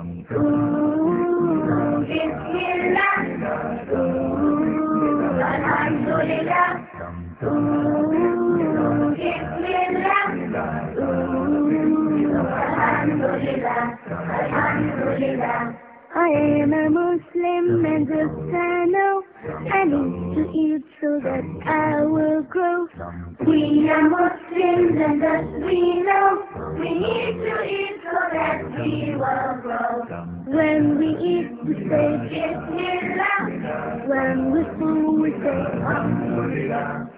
I am a Muslim and a Christiano. I need to eat so that I will grow. We are Muslims and as we know, we need to eat so When we eat, we say Bismillah. When we fool, we say Alhamdulillah.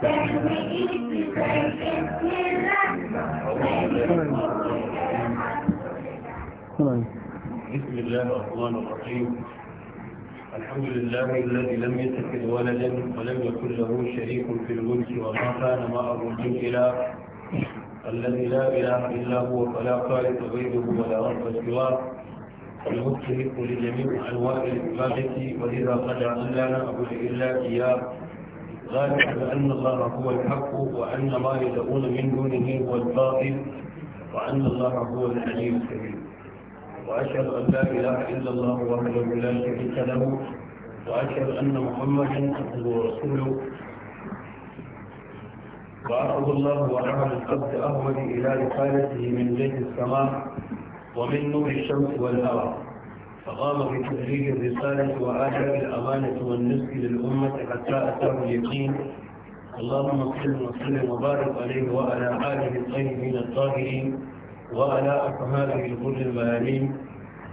When we eat, we say Bismillah. When we fool, we say Alhamdulillah. بسم الله الرحمن الرحيم الحمد لله الذي لم يتخذ ولدا ولم يكن له شريك في الملك وما كان معه من إله الذي لا إله إلا هو فلا خالق غيره ولا رب سواه المستهق لجميع أنواع العبادة ولذا قد أن لا نعبد إلا إياه ذلك بأن الله هو الحق وأن ما يدعون من دونه هو الباطل وأن الله هو العلي الكبير وأشهد أن لا إله إلا الله وحده لا شريك له وأشهد أن محمدا عبده ورسوله وأخذ الله وعمل الأبد أهول إلى رسالته من جيد السماء ومن نور الشمس والهواء فقام بتبليغ الرسالة وآداء الأمانة والنسك للأمة حتى أتاه اليقين اللهم صل وسلم وبارك عليه وعلى آله الطيبين الطاهرين وعلى أصحابه الغر الميامين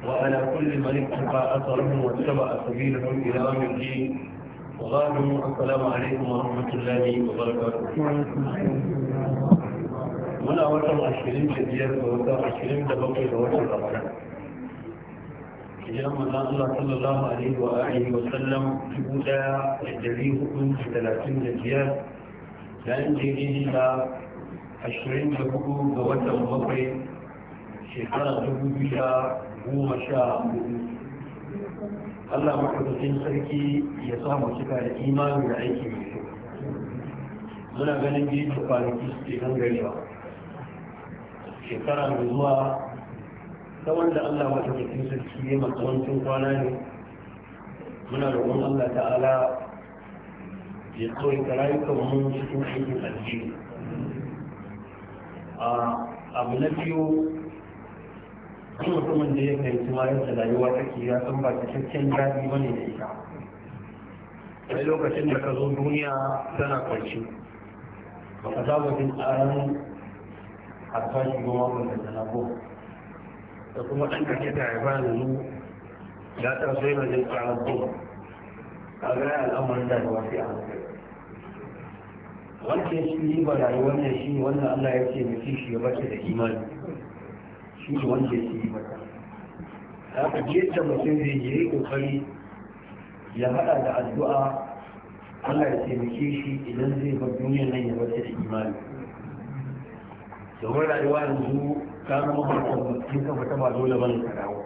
وعلى كل من اتبع أثرهم واتبع سبيلهم إلى يوم الدين وغانم السلام عليكم ورحمة الله وبركاته muna watan ashirin da biyar da watan ashirin da bakwai da watan ramadan idan manzon Allah sallallahu alaihi wa alihi wa sallam dubu daya da dari hudu talatin da biyar da an ashirin da goma sha hudu Allah maɗaukakin sarki ya samu cika da imani da aiki mai kyau muna ganin biyu da kwanaki suke gangarewa shekara mai zuwa ta wanda Allah maɗaukakin sarki ya wancan kwana ne muna roƙon Allah ta'ala ya tsoye ta rayukan mu cikin aikin aljihu a abu na biyu shi mutumin da ya fahimci ma yadda rayuwa take ya san ba cikakken daɗi ba ne da ita sai lokacin da ka zo duniya tana kwanci ba ka saba jin tsaron harfashi goma ba da zanabo da kuma ɗan kake ta haifa yanzu ya ta so yana jin tsaron goma a ga al'amarin da ba sai a hankali wancan shi ba rayuwar ne shi wannan Allah ya ce mutum shi ya bace da imani shi ne wanda ke yi mata haka yadda mutum zai yi kokari ya haɗa da addu'a Allah ya taimake shi idan zai bar duniyar nan ya bata da imani domin rayuwa yanzu ta zama harkar mutum kafa ta ba dole bane ka dawo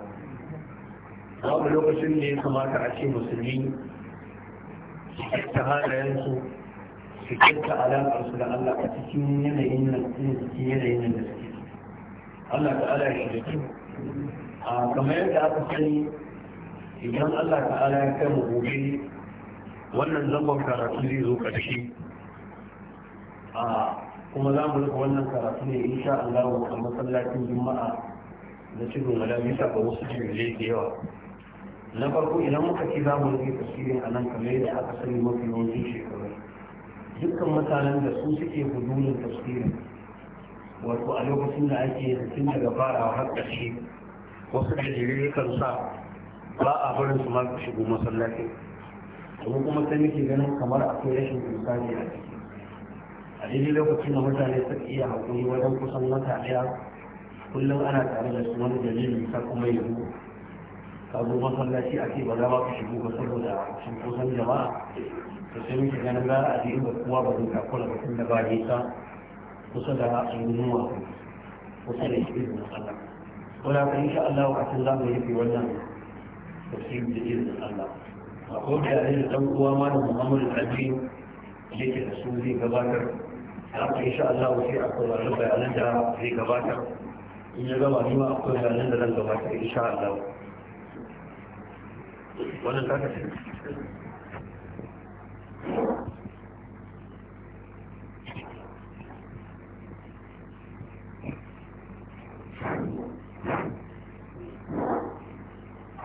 babu lokacin da ya kamata a ce musulmi su kyakta halayensu su kyakta alaƙarsu da Allah a cikin yanayin nan cikin yanayin nan da su Allah ta'ala ya shirya a kamar yadda aka sani idan Allah ta'ala ya kai mu gobe wannan zangon karatu zai zo ƙarshe a kuma za mu rufe wannan karatu ne in sha Allah a masallacin juma'a na cikin wala bisa ga wasu jirage da yawa na farko idan muka ci za mu rufe tasirin a nan kamar yadda aka sani mafi yawancin shekaru dukkan mutanen da su suke hudulin tasirin wato a lokacin da ake tun daga farawa har ƙarshe wasu gajere kan sa ba a barin su ma shigo masallaci domin kuma sai muke ganin kamar akwai rashin misali a ciki a daidai lokacin da mutane suka iya haƙuri wajen kusan wata ɗaya kullum ana tare da su wani dalili ta kuma yanzu ka zo masallaci a ce ba za ka shigo ba saboda kusan jama'a to sai muke ganin gara a jirin ba kowa ba zai takura ba tun da ba nisa وصدر ينواه وصلت بإذن الله ولكن إن شاء الله عسى الله به في ولنا تسليم من الله أقول هذه الأمر هو أمان المؤمر العجيب جيت الرسول في كباكر إن شاء الله وفي أقول الرب يعلن دار في كباكر إن شاء الله بما أقول يعلن دار في كباكر إن شاء الله ولن تكتب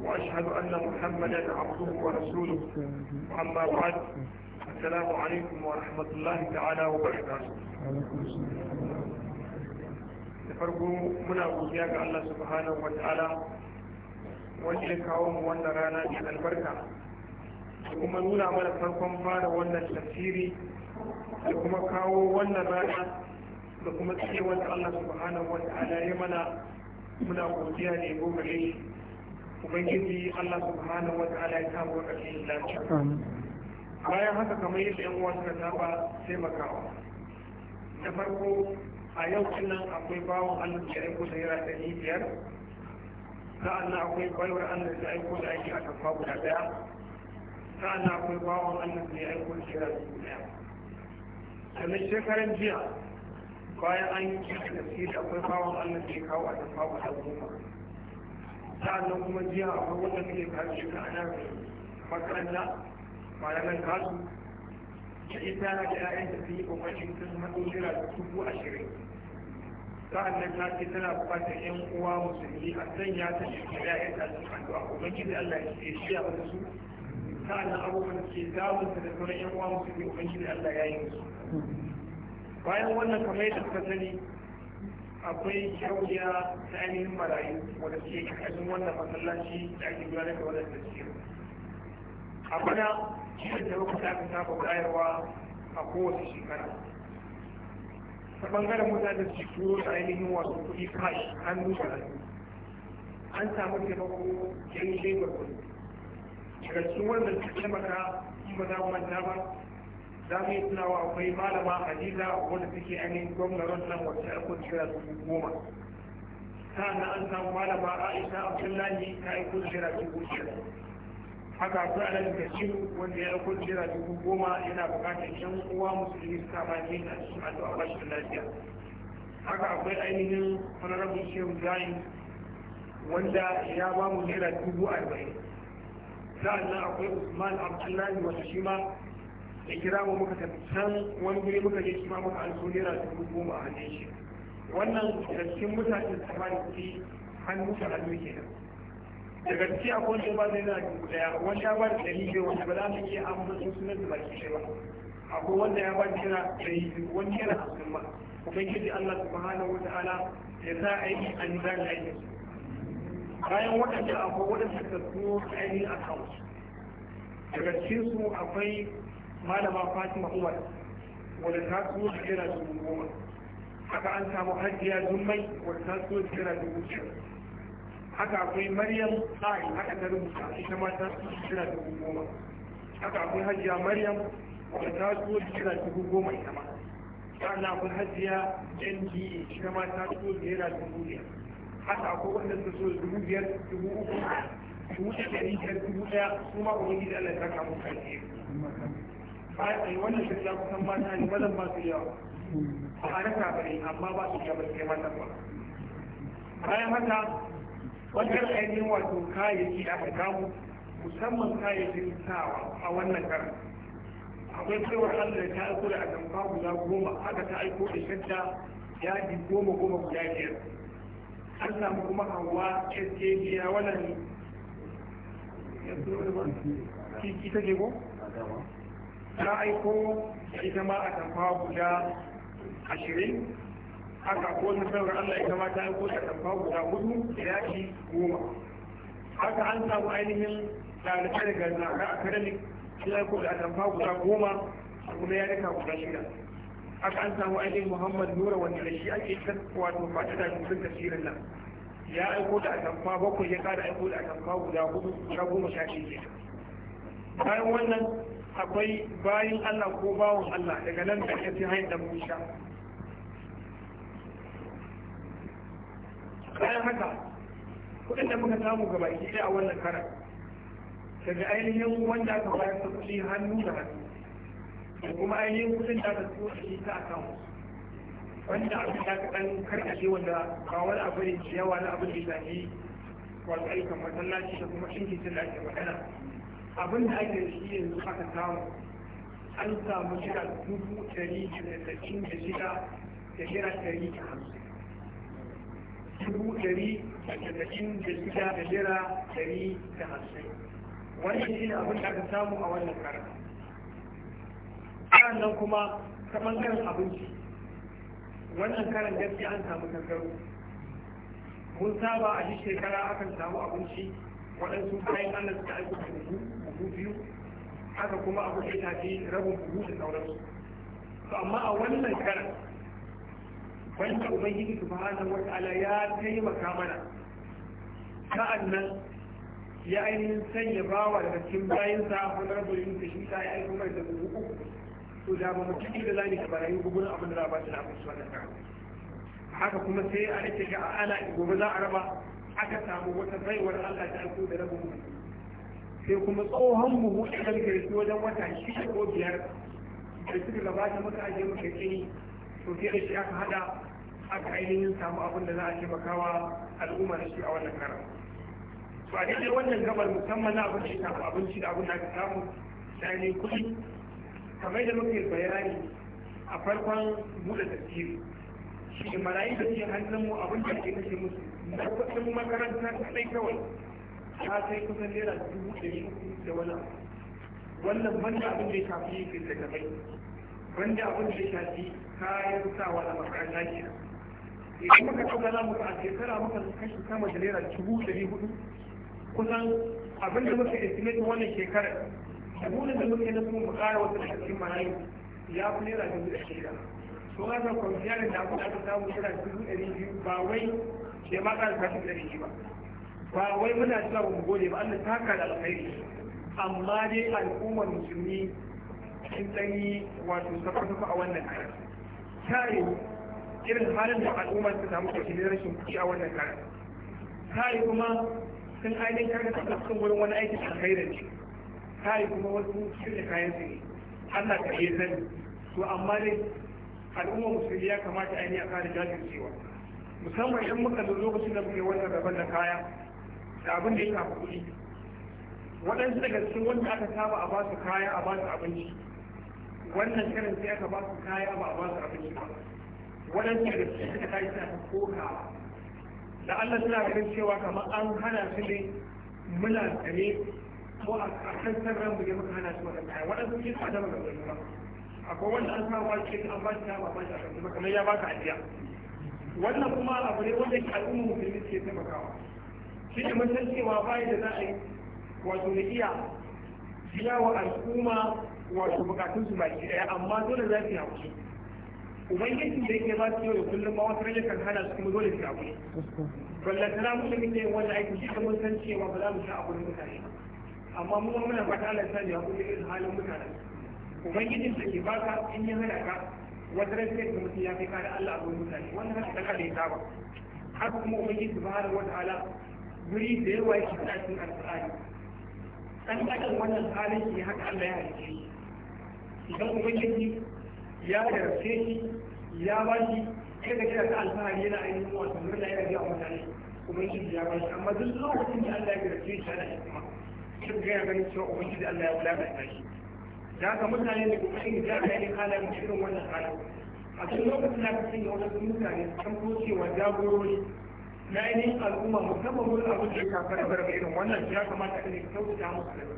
وأشهد أن محمدا عبده ورسوله أما بعد السلام عليكم ورحمة الله تعالى وبركاته farko muna godiya ga Allah subhanahu wa ta'ala wanda ya kawo mu wannan rana mai albarka da kuma nuna mana farkon fara wannan tafsiri da kuma kawo wannan rana da kuma tsewar Allah subhanahu wa ta'ala ya mana muna godiya ne goma ubangiji Allah subhanahu wata'ala ya samu ƙarshen lafiya bayan haka kamar yadda yan uwa suka saba taimakawa da farko a yau nan akwai bawon Allah da aiko da yara ɗari biyar sa'annan akwai bayar Allah da aiko da aiki a kafa guda ɗaya sa'annan akwai bawon Allah da aiko da yara da ɗaya sannan shekaran jiya bayan an yi da akwai bawon Allah da ya kawo a kafa guda goma sa'annan kuma jiya kan wanda suke kawo shi a nan makaranta malaman kasu da ita na da ya'yan da suke kokarin sun haɗo jira dubu ashirin sa'annan ta ce tana buƙatar 'yan uwa musulmi a sanya ta shi da ƴaƴan ta sun addu'a ubangiji Allah ya ce shi a su. sa'annan abubuwan da ke damun da sauran 'yan uwa musulmi ubangiji Allah ya yi musu bayan wannan kamar yadda suka sani akwai kyauya ta ainihin marayu wadda suke kakashin wannan masallaci da ake gudanar da wannan tafsir a bana shirin da muka ta saba bayarwa a kowace shekara ta bangaren mutane da su turo ta ainihin wasu kuɗi kashi an nusa hannu an samu taimako yan shaibar kuɗi daga cikin wannan su taimaka in ba za mu manta ba za mu yi tunawa akwai malama hadiza wanda suke ainihin gwamnarin nan wacce aka kira su goma sa'annan an samu malama aisha abdullahi ta aiko jira dubu shida haka akwai alhaji kashiru wanda ya aiko jira dubu goma yana bukatar yan uwa musulmi su kama ne a cikin addu'a rashin lafiya haka akwai ainihin honorable shehu zain wanda ya ba mu naira dubu arba'in sa'annan akwai usman abdullahi wata shi ma da kira mu muka tafi can wani guri muka je shi ma muka alko naira dubu goma a hannun shi wannan da cikin mutane da ba da kuɗi hannu da hannu kenan daga ciki a kowace ba zai na dubu ɗaya wani ya ba da ɗari biyu wanda ba za mu iya ambatan sunan da baki shi ba akwai wanda ya ba da naira ɗari biyu wani yana hamsin ba ubangiji Allah subhanahu wa ta'ala ya sa aiki a nizan aikin bayan waɗanda akwai waɗanda suka aiki a account daga cikin su akwai malama fatima umar wadda ta so jira dubu goma haka an samu hajjiya jummai wadda ta so jira dubu biyar haka akwai maryam tsari haka ta rubuta ita ma ta so jira dubu goma haka akwai hajjiya maryam wadda ta so jira dubu goma ita ma na akwai hajjiya nda e, ita ma ta so jira dubu biyar haka akwai wanda ta so dubu biyar dubu uku dubu ɗari biyar dubu ɗaya su ma ubangiji allah ta kamu kai wannan shirya kusan mata ne mazan ba su yawa ba a rasa bane amma ba su yawa sai mata ba bayan haka wajen ainihin wato kayayyaki aka kamu musamman kayayyakin sawa a wannan karan akwai cewar allah ta aiko da atamfa guda goma haka ta aiko da shadda yadi goma goma guda biyar an samu kuma hawa ke biya wannan ita ke ko? ta aiko ita ma a tamfa guda ashirin haka ko ta sauran Allah ita ma ta aiko da tamfa guda hudu da yaki goma haka an samu ainihin ɗalibai daga zaka academic sun aiko da tamfa guda goma a kuma ya rika guda shida haka an samu ainihin Muhammad Nura wanda da shi ake wato fata da mutum tasirin nan ya aiko da tamfa bakwai ya kada aiko da tamfa guda hudu guda goma sha ke bayan wannan akwai bayin Allah ko bawon Allah daga nan da ya fi hain da musha bayan haka kudin da muka samu gaba baki a wannan karar daga ainihin wanda aka bayar da kuɗi hannu da hannu da kuma ainihin kudin da aka tuwo shi ta account wanda abin da aka ɗan karkashe wanda ba wani abu ne ciyawa na abin da ya shafi wasu aikin masallaci da kuma shinkin da ake magana abin da ake shi yanzu aka samu an samu shiga dubu ɗari da sassin da shiga da shida ɗari da hamsin dubu ɗari da sassin da shiga da shiga ɗari da hamsin wannan shi ne abin da aka samu a wannan karni sannan kuma ta ɓangaren abinci wannan karan gaskiya an samu kankaro mun saba a shi shekara akan samu abinci waɗansu bayan Allah suka aiko da buhu buhu biyu haka kuma abu da shafi rabin buhu da sauransu to amma a wannan karan wanda ubangiji subhanahu wa ala ya taimaka mana sa'an nan ya ainihin sanya bawa daga cikin bayansa wani rabin da shi ta ya aiko mai da buhu uku to da ba mutum da za zani ka barayi gugunan abin da za a ba shi na abin su wannan karan haka kuma sai a rike ga ana gobe za a raba aka samu wata baiwar Allah ta aiko da rabu sai kuma tsohon buhu a kan garki wajen wata shi ko biyar da suka gabata muka aje maka kini to sai da shi aka hada aka ainihin samu abin da za a taimakawa al'umma da shi a wannan karan to a daidai wannan gabar musamman na abin shi ya samu abinci da abin da aka samu da ainihin kuɗi kamar da muke bayani a farkon buɗe tafsiri shi marayu da ke hannun mu abin da ke kashe musu na kuɗin makaranta kaɗai kawai ta sai kusan naira dubu ɗari da wani wannan banda abin da ya shafi littattafai banda abin da ya shafi kayan sawa a makaranta ke idan muka ɗauka za mu ga a shekara muka kashi sama da naira dubu ɗari hudu kusan abin da muka estimate wannan shekarar abubuwan da muke na sun bukara wasu daga cikin marayu ya fi naira dubu da shida to haka kwanciyar da abin da aka samu naira dubu ɗari biyu ba wai shi ma ƙara tashi da shi ba ba wai muna cewa ba mu gode ba Allah ta haka da alkhairi amma dai al'ummar musulmi sun tsanyi wato sakwatakwa a wannan karan ta yiwu irin halin da al'ummar ta samu kwashi ne rashin kuɗi a wannan karan ta yi kuma sun ainihin karkata ta cikin wurin wani aikin alkhairin ne ta yi kuma wasu shirya kayan su ne Allah ka iya sani to amma dai al'ummar musulmi ya kamata ainihin a kare jajircewa musamman in muka da lokacin da muke wannan rabon da kaya da abin da ya shafi kuɗi waɗansu daga cikin wanda aka saba a basu kaya a ba su abinci wannan karin sai aka basu kaya ba a basu abinci ba waɗansu daga cikin suka tashi suna ta koka. da Allah suna ganin cewa kamar an hana su ne muna tsare ko a kan ran buge muka hana su wannan kaya waɗansu sun ba da magana ba akwai wanda an samu wa an ba shi ba ba shi a kamar ya ba ka ajiya wannan kuma abu ne wanda ke al'umma musulmi ke taimakawa shi ne mun san cewa bai da za a yi wato da iya biya wa al'umma wato bukatun su baki daya amma dole za su yi hakuri ubangiji da yake ba su yau da kullum ba wasu rage kan hana su kuma dole su yi hakuri ballantana musulmi ne wanda aiki shi da mun san cewa ba za mu sha hakuri mutane amma mu muna fata Allah ya sa irin halin mutane ubangijin da ke baka in yi hana ka wata ran sai mutum ya kai kada Allah ko mutane wannan haka da kada ya saba haka kuma ubangiji subhanahu wataala guri da yawa yake a cikin alqur'ani dan adam wannan halin shi haka Allah ya halice shi idan ubangiji ya yarfe shi ya ba shi sai ka kira ta alfahari yana ainihin wato murna yana biya mutane ubangiji ya ba shi amma duk lokacin da Allah ya yarfe shi ana hikima sai ga ya ganin cewa ubangiji Allah ya wulakanta shi da haka mutane da kuma yin da ka yi halayen irin wannan halin a cikin lokacin da ka sanya wadansu mutane kan kocewa jagorori na yi ainihin al'umma musamman wani abu da ya shafa da da irin wannan ya kamata ka ne kyautata musu da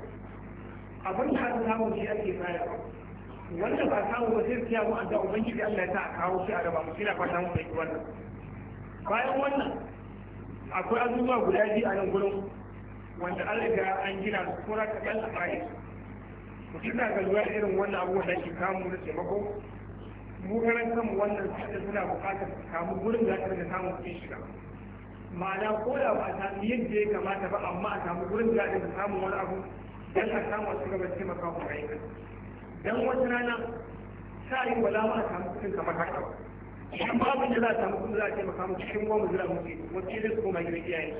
abin da aka samu shi ake bayarwa wanda ba samu ba sai kiyamu an da ubangiji Allah ya sa a kawo shi a raba mu kila fata mu fahimci wannan bayan wannan akwai azuma guda biyu a nan gurin wanda Allah ya an gina su kura ka a bayan to kina ga lura irin wannan abu da ke kamu na taimako mu garan kanmu wannan sai suna buƙatar kamu gurin da ta samu kuɗin shiga ma'ana ko da ba a samu yadda ya kamata ba amma a samu gurin da ta samu wani abu dan a samu wasu gaba taimaka ku aika dan wata rana sa yi wala ma a samu kuɗin kamar haka ba ma abin da za a samu kuɗin za a taimaka mu cikin wani zira muke wasu irin su koma gidan iyaye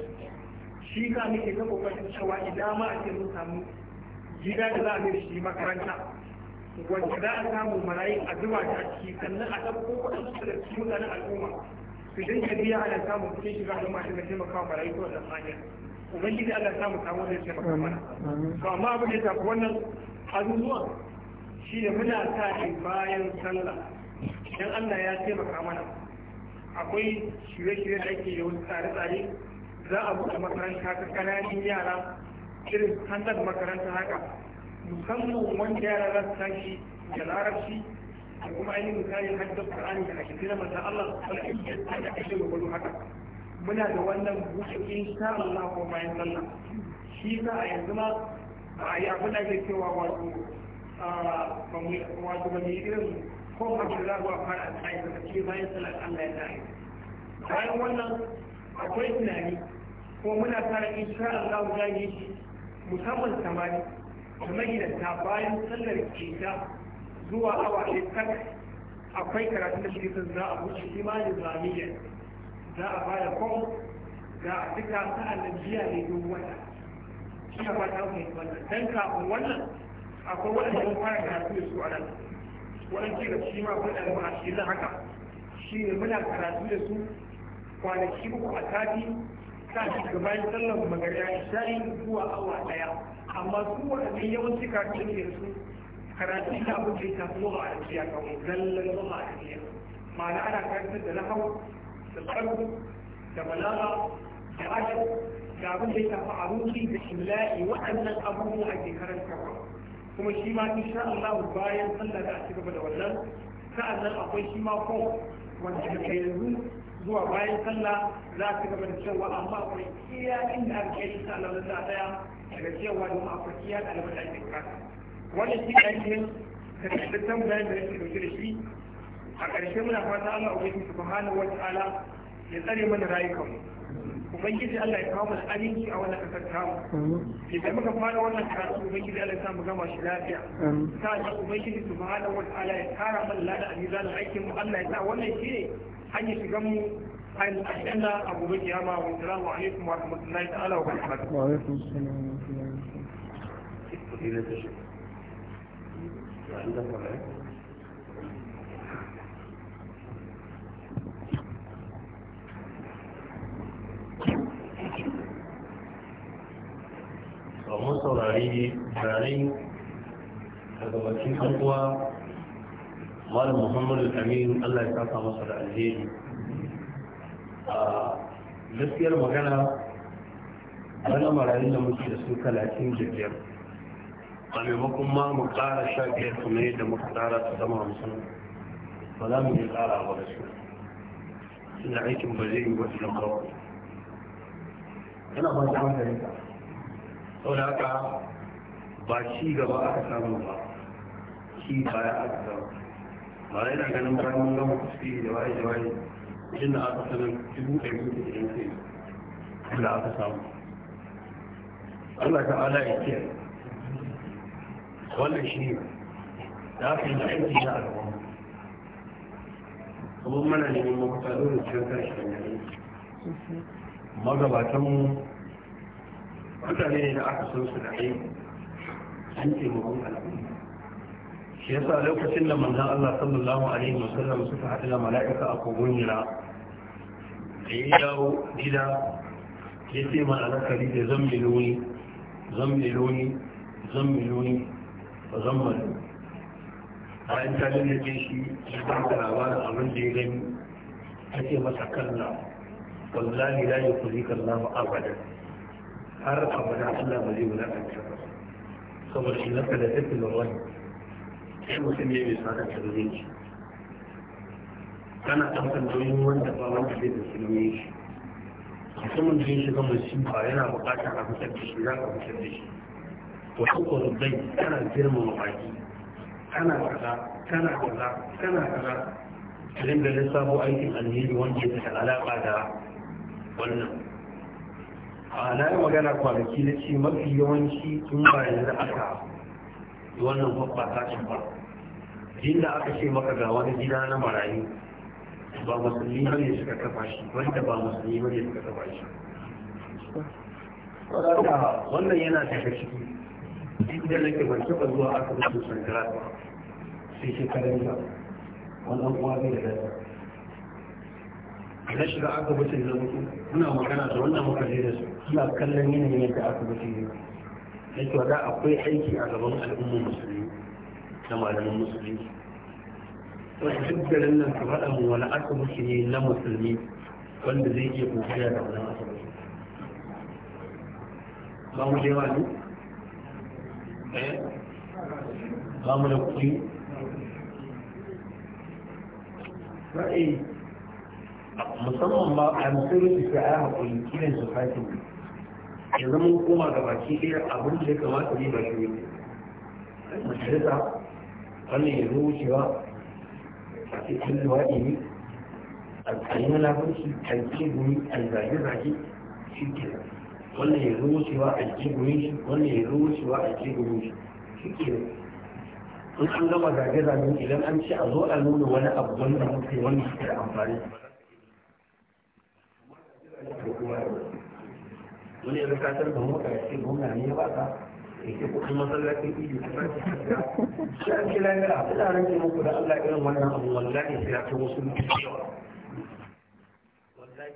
shi ka muke ta kokarin cewa idan ma a ce mun samu gida da za a mai shi makaranta wanda za a samu marayi a zuwa ta ciki sannan a ɗauko waɗansu da su mutane al'umma su dinga biya ana samun kuɗin shiga masu da taimaka marayi ta da hanyar ubangiji Allah ana samu samu da taimaka mana to amma abin da ya tafi wannan azuzuwan shi ne muna sa bayan sallah idan Allah ya taimaka mana akwai shirye-shirye da ake yi wani tsare-tsare za a buɗe makaranta ta ƙananan yara irin standard makaranta haka musamman wanda yara za su tashi da larabci da kuma ainihin misali haddar Qur'ani da ake kira mata Allah kala alaihi wasallam da ake gwado haka muna da wannan buɗe insha Allah ko bayan sallah shi sa a yanzu ma a yi abin da ake cewa wato wato ba mu yi irin ko ba mu za a fara a tsaye da ce bayan sallah Allah ya tsaye bayan wannan akwai tunani ko muna fara sha Allah za mu musamman samari da magidanta bayan sallar isha zuwa awa ɗaya akwai karatun da shi za a wuce imanin zamiya za a bada kwam za a fita sa'an da jiya ne don wata shi ba ta mai wannan don kafin wannan akwai waɗanda yin fara karatu da su a nan ce da shi ma kun ɗan a cikin haka shi ne muna karatu da su kwanaki uku a sati kafin ga bayan sallar magariya shayi zuwa awa daya amma su waɗanda yawanci kafin ne su karatu ta abin da ya tafi zuwa a jiya kawai zallan zuwa a jiya ma'ana ana karantar da nahau da tsaro da balaga da adab da abin da ya tafi abinci da imla'i waɗannan abubuwa ake karantarwa kuma shi ma insha Allah bayan sallar da a ci gaba da wannan sa'annan akwai shi ma ko wanda daga yanzu zuwa bayan sallah za su gaba da cewa amma akwai iya inda aka kai ta alamun da daya daga cewa don akwai iya alamun da ake kasa wannan shi ainihin karkatattun bayan da yake dauke da shi a ƙarshe muna fata Allah ubangiji subhanahu wataala ya tsare mana rayukanmu ubangiji Allah ya kawo mana aminci a wannan kasar tamu idan muka fara wannan karatu ubangiji Allah ya sa mu gama shi lafiya sa ubangiji subhanahu wataala ya tara mana lada a mizanin aikin mu Allah ya sa wannan shi ne? hanyar shigan mu hanyar aljanna a gobe kiyama wa salamu alaikum wa rahmatullahi ta'ala wa barakatuh wa alaikum salam wa rahmatullahi ta'ala mun saurari barai daga bakin harkuwa malam muhammadu Aminu, allah ya saka masa da alheri gaskiyar magana bana marayu da muke da su talatin da biyar a maimakon ma mu kara sha biyar kuma yadda muka tsara ta zama hamsin ba za mu yi kara ba da su suna aikin ba zai yi wa ilan barwa yana ba ta hankali sau da haka ba ci gaba aka samu ba ci baya aka samu ba yana ganin bayan mun gama kuskure da waye da waye da aka dubu ɗari da ɗari da aka samu Allah ya ce wannan ne da aka yi da aiki na kuma mana neman mafita dole cikin karshe da mutane ne da aka san su da aiki an taimakon al'umma shi yasa lokacin da manzan Allah sallallahu alaihi sallam suka haɗu da mala'ika a kogon gida? da ya dawo gida ya ce ma alakari da zan mali a yan bayan ta ke shi ya ba da labarin abin da ya gani ce masa kalla wallahi la yukhzika Allah abada har abada Allah ba zai wulakanta ba saboda shi naka da tafi da wani kai mutum ne mai tsada ta zuci kana ɗaukar nauyin wanda ba wanda zai da sulmi shi musamman da ya shiga musiba yana buƙatar a fitar da shi za ka fitar da shi to hukun rubai kana girmama baki kana kaza kana kaza kana kaza idan da lissafo aikin alheri wanda ya da alaƙa da wannan a na yi magana kwanaki na ce mafi yawanci tun ba yanzu aka wannan babba sashen ba inda aka ce maka ga wani gida na marayu ba musulmi ba ne suka kafa shi wanda ba musulmi ba ne suka kafa shi wannan yana daga ciki inda nake ban ba zuwa asibitin sandara ba sai shekarar ba wannan kuma bai da lafiya na shiga bace na mutu muna magana da wannan makarai da su suna kallon yanayin yadda asibiti ne yake da akwai aiki a gaban al'ummar musulmi na malamin musulmi wani duk garin nan ka faɗa mu wani asibiti ne na musulmi wanda zai iya kokaya da wani asibiti ba mu da yawa ne eh? ba mu da kuɗi ra'ayi eh. musamman ba a musulmi su yi haƙuri kiran su fatin yanzu mun koma ga baki ɗaya abin da ya kamata ne ba shi ne majalisa wannan ya zo wucewa a cikin luwaɗi ne a yi munafurci a yi cigumi a zage-zage shi ke wannan ya zo wucewa a yi cigumi shi wannan ya zo wucewa a yi cigumi shi shi ke in an gama zage-zage idan an ce a zo a nuna wani abu wanda muke wanda suke amfani da kuma wani yanzu ka tarba mota ya ce gwamna ne ya baka ta ce kuɗin masallacin ido ta sake shiga shi an ce lafiya ina rage muku da Allah irin wannan abu wallahi sai ya ce wasu mutum yawa wallahi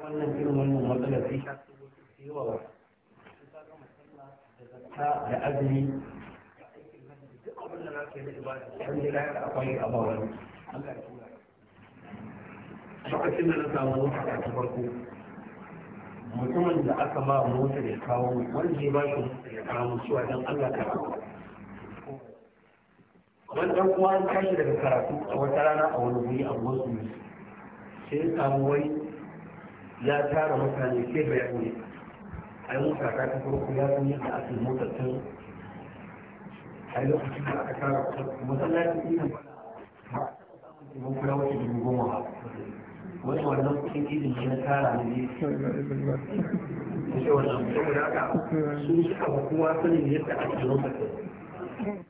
wannan irin wannan matsalar sai ya ce wasu yawa da azumi abin da za da ibada an akwai Allah ya tura lokacin da na samu wata ta farko mutumin da aka ba motar ya kawo wanda ya ba shi ya kawo cewa don Allah ka wani dan kuma an tashi daga karatu a wata rana a wani guri a wasu sai samu wai ya tara mutane sai bai ne a yi mota ta ku ya san a asin motar tun a lokacin da aka tara masallaci ina ba a samun kuma wata dubu goma ba wani wannan kudin izin shi na tara ne ne wannan saboda haka sun suka ba kowa sanin yadda ake lokacin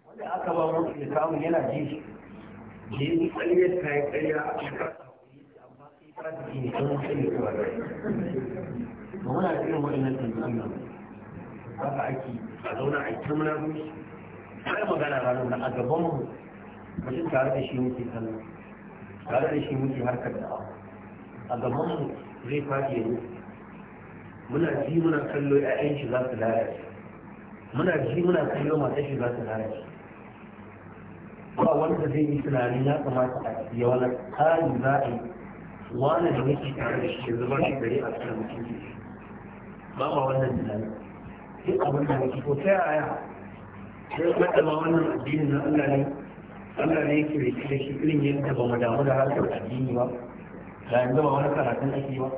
wanda aka ba mu ya samu yana ji je ni ƙarya ta yi ƙarya a cikin amma sai ta ji ne don sai ya kuwa rai ba muna da irin waɗannan tambayoyin nan haka ake a zauna a yi ta muna zuci ai magana ranar a gaban mu mutum tare da shi muke sallah tare da shi muke harkar da da'awa a gabanmu zai faɗi ne muna ji muna kallo 'ya'yan shi za su lalace muna ji muna kallo matan shi za su lalace ba wanda zai yi tunani ya kamata a ya wani tsari za a yi wani da muke tare da shi zuba shi gari a cikin mutunci ba ma wannan tunani sai abin da muke ko ta yaya sai kuma ma wannan addinin na Allah ne Allah ne yake da shi irin yadda ba mu damu da harkar addini ba da yanzu ba wani karatun ake ba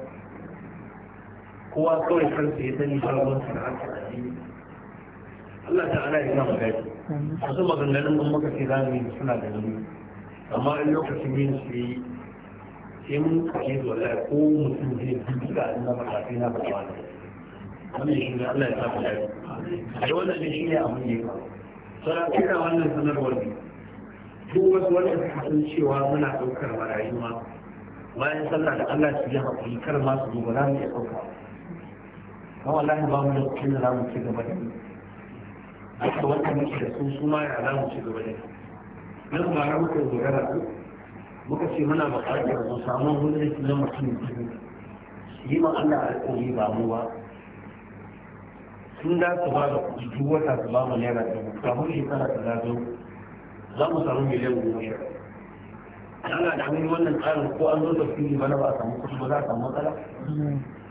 kowa kawai kansa ya sani fara wani karatun addini Allah ta'ala ya gama gaji wasu maganganun mun maka ce zamu yi suna da nauyi amma in lokacin yin su yi sai mun kashe zuwa ko mutum zai duka annabi kafin na faɗa wani wannan shi ne Allah ya sa mu A yi wannan shi ne abin yi ba. faru na kira wannan sanarwar ne duk wasu wanda suka san cewa muna ɗaukar marayu ma bayan sallah da Allah su yi haƙuri kar ma su duba za mu iya ɗauka kan wallahi ba mu da kuɗin da za mu ci gaba da aka wanda muke da su su ma ya za mu ci gaba da nan ba na muka dogara ku muka ce muna buƙatar mu samu wani da na mutum biyu yi ma Allah alƙawari ba mu ba sun da su ba da kuɗi duk wata su ba mu naira dubu kafin shekara ta zazo za mu samu miliyan goma sha ana da hannun wannan tsarin ko an zo da fili bana ba a samu kuɗi ba za a samu matsala ba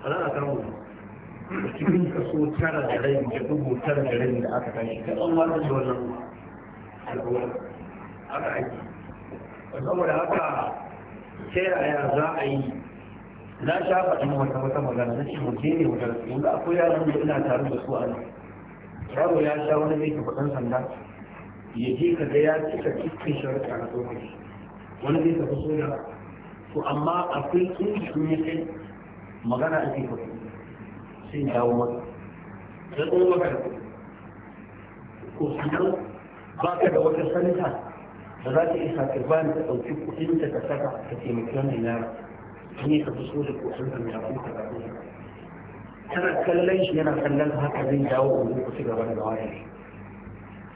za a samu cikin kaso tara da rai da dubu tara da rai da aka tashi ta an wata da wannan al'awar aka aiki saboda haka ta yaya za a yi na sha faɗin wata wata magana na ce mutum ne wata rasu yanzu akwai yaran da ina tare da su a nan yaro ya sha wani zai ka faɗin sanda ya je ka ga ya cika cikin shari'a na tsohon shi wani zai tafi soja to amma akwai tsoji in ya kai magana ake fafi sai dawo maka da tsohon maka da ko sannan ba ka da wata sanita da za ta isa ka bani ta ɗauki kuɗin da ka saka ka taimaki wannan yara in ya tafi soja ko sun kan yafi ka da tana kallon shi yana kallon haka zai dawo a wani kusa gaba da wani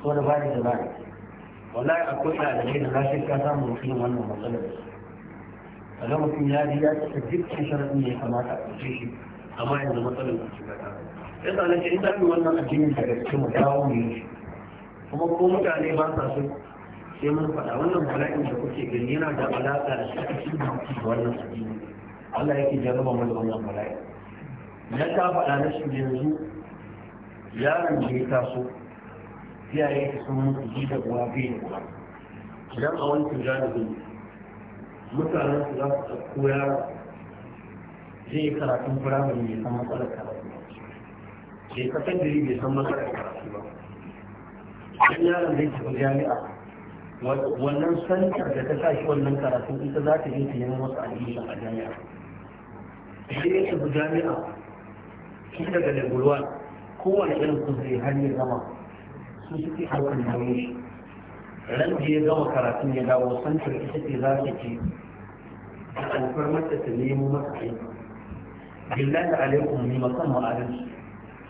saboda ba da jama'a wallahi akwai ɗalibai da kashin ka samu mutum wannan matsalar da su kaga mutum ya ji ya cika dukkan sharaɗin da ya kamata a ɗauke shi amma yanzu matsalar da su ka ta ya sa na ce in zaɓi wannan addinin da gaske mu dawo mu yi kuma ko mutane ba sa so sai mun faɗa wannan bala'in da kuke gani yana da alaƙa da sakacin da kuke da wannan addini Allah yake jarraba mu da wannan bala'in na ta faɗa na shi yanzu yaron da ya taso kiyaye da sunan su ji da uwa bai da uwa idan a wancan jami'in mutanen su za su ɗauko yaro zai yi karatun firamare mai san matsalar karatu ke kasan diri mai san matsalar karatu ba idan yaron zai tafi jami'a wannan santar da ta sa shi wannan karatu ita za ta yi ta neman wasu admission a jami'a idan ya tafi jami'a shi daga level 1 kowane irin kuzi har yi zama su suke ɗaukar nauyin shi ran da ya gama karatun ya dawo santar ita ce za ta ce a alfar mata ta nemo masa aiki billahi alaikum ni masan ma'adin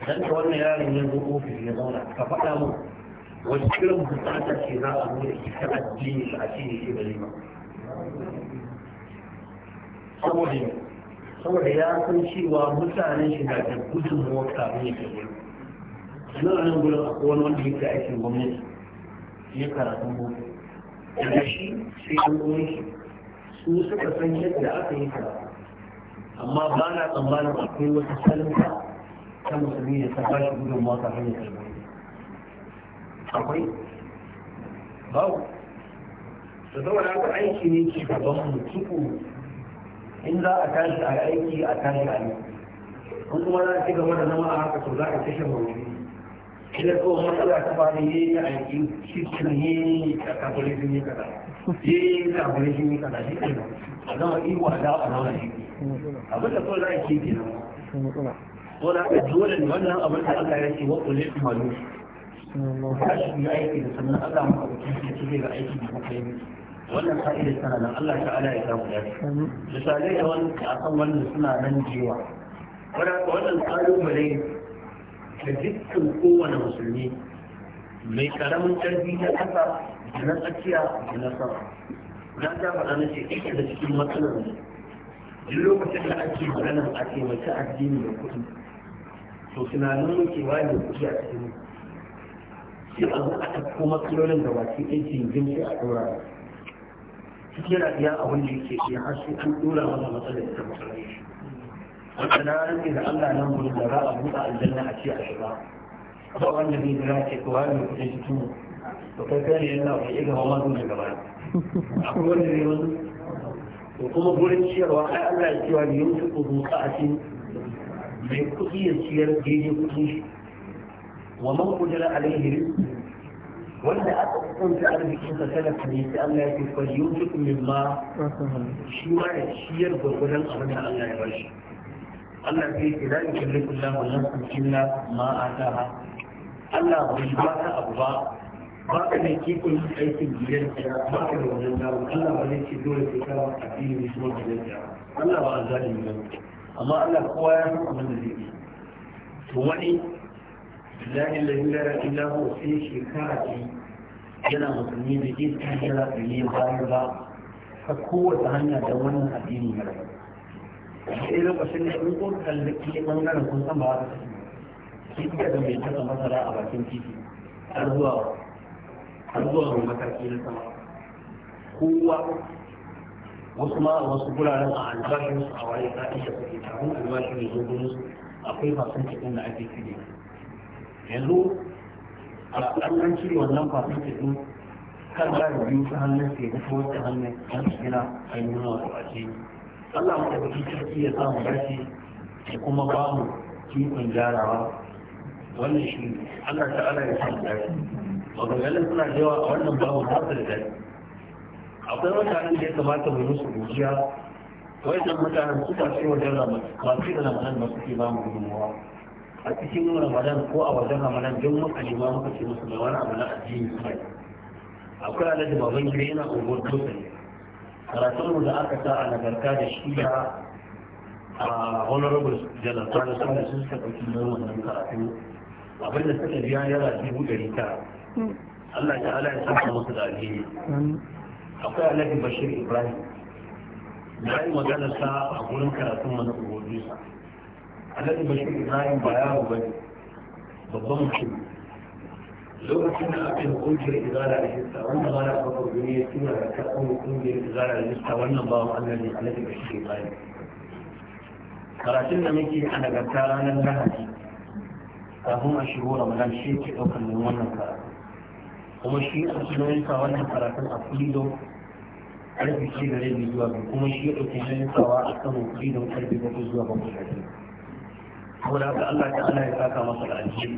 dan da wannan yaron ya zo ofis ya zauna ka faɗa mu wacce kiran bukata ce za a zo da ita addini shi a cikin shi da saboda saboda ya san cewa mutanen shi na da gudunmuwa kafin ke tafi nan anan gudun akwai wani wanda yake aikin gwamnati ya karatun boko daga shi sai an gudun shi su suka san yadda aka yi karatu amma ba na tsammanin akwai wata salinta ta musulmi da ta ba shi gudun mawaka hanyar karatu akwai babu da saboda haka aiki ne ke gaban mu tuku in za a tashi a aiki a tashi a yi in kuma za a ci gaba da zama a haka to za a kashe mawuni idan ko matsala ta fara yi ta aiki shi kan yi a kafin sun yi kaza yi kafin sun yi kaza shi kan a zama iwa da a zama shi abin da kawai za a ke ke nan ko da aka dole ne wannan abin da Allah ya ce wa kulli malu kashi yi aiki da sannan Allah maka wuce shi ce ga aiki da kuka yi wannan fa'ida tana nan Allah ta'ala ya samu dace misalai da wani a kan wannan suna nan jewa wannan kalubale da dukkan kowane musulmi mai karamin karfi na ƙasa da na tsakiya da na sama na ta faɗa na ce ita da cikin matsalar duk lokacin da ake maganar a taimaki addini da kuɗi to tunanin muke wani da kuɗi a cikin sai a zo a ɗauko matsalolin da baki ɗin jingin sai a ɗora shi yana iya abin da yake iya har sai an ɗora masa matsalar da ta matsalar shi na rantsi da Allah nan gudu da za a buɗe aljanna a ce a shiga ba wanda bai jira ce kowa mai kuɗin shi tumu to kai kai ne yana ba iya gaba mazu da gaba akwai wanda zai wasu to kuma gurin ciyarwa ai Allah ya cewa ne yau ku zuƙa a cikin mai kuɗi ya ciyar daidai kuɗin shi wa man kudura alaihi wanda aka kunta arzikinsa talaka ne sai Allah ya ce fa yunfiqu mimma shi ma ya ciyar gurgurdan abin da Allah ya bar shi. Allah sai ce la yukallifu Allahu nafsan illa ma ataha Allah bai ba ta abu ba ba ka da kikon aikin gidan ba ka da wannan dawo Allah ba zai ce dole sai ka ba addini ne kuma gidan Allah ba azalimi ba amma Allah kowa ya san abin da zai yi to wani lillahi lillahi illahu sai shekara ce yana musulmi da ke ta jira da ne bayan ba ta kowace hanya da wannan addini mara sai lokacin da in kun kalli cikin bangaren kun san ba haka shi kuka da mai kasa masara a bakin titi har zuwa har zuwa ga mataki na sama kowa wasu ma wasu guraren a albashin su a waye ta iya suke kafin albashin da zo su akwai fasin cikin da ake cire yanzu a ɗan cire wannan fasin cikin kan da biyu ta hannun sai da ta wata hannun an cikin ainihin wasu a yi. Allah mu da sarki ya samu dace da kuma ba mu kifin gyarawa wannan shi ne Allah ta'ala ya samu dace maganganun suna da yawa a wannan babu ba su da dace akwai mutanen da ya kamata mu musu godiya wayannan mutanen suka ce wajen ramadan masu da ramadan ba suke ba mu gudunmawa a cikin ramadan ko a wajen ramadan don muka nema muka ce musu da wani abu na addini suna akwai alaji baban gida yana unguwar dutse karatunmu da aka sa a nagarta da shi da a honorable jalar kwanu sun da sun suka ɗauki nan wannan karatu abinda suka biya yara dubu ɗari tara hmm. Allah ta ala ya saka musu da alheri hmm. akwai alhaji bashir ibrahim na yi magana sa a gurin karatun mana ubodisa alhaji bashir ibrahim ba yaro ba babban mutum lokacin da aka yi kungiyar izara da hissa wannan ba na farko duniya ya tura da karɓar kungiyar izara da hissa wannan ba wa Allah ne Allah ga shi bayan karatun da muke a nagarta ranar lahadi kafin a shigo ramadan shi ke ɗaukar min wannan karatu kuma shi a cikin wannan karatun a kulido ƙarfi ce da rai zuwa kuma shi ya ɗauki sawa a kan kulido ƙarfi bakwai zuwa bakwai saboda haka Allah ta Allah ya saka masa da alheri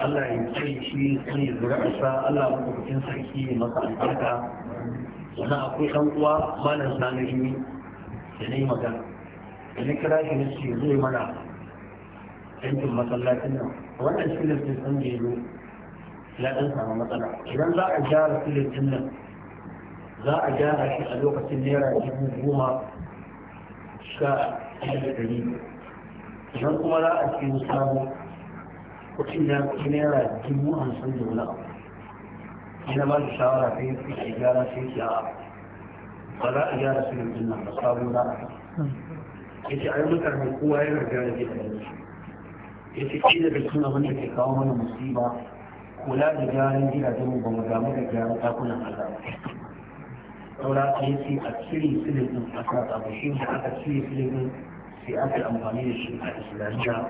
Allah ya kai shi sun yi zuri'arsa Allah mabukin sarki ya masa albarka sannan akwai ɗan uwa malam sani yi da na yi magana da na kira shi na ce zai mana yankin masallacin nan wannan filin sun san da ya ya ɗan samu matsala idan za a gyara filin nan za a gyara shi a lokacin naira dubu goma sha ɗaya da ɗari idan kuma za a ce musamman kuɗin da naira dubu hamsin da wani abu ina ba su shawara ta yi fi gyara sai ki a ba za a gyara su yanzu nan ba sabon za a ya ce ai mutane kowa ya riga da ke da yanzu ya ce ki daga cikin abin da ke kawo mana musiba kula da gyaran gidajen mu ba mu damu da gyaran ɗakunan Allah saura ta yi a cire silin ɗin a sa abu shi aka cire silin ɗin في أمر الأمغانية الإسلامية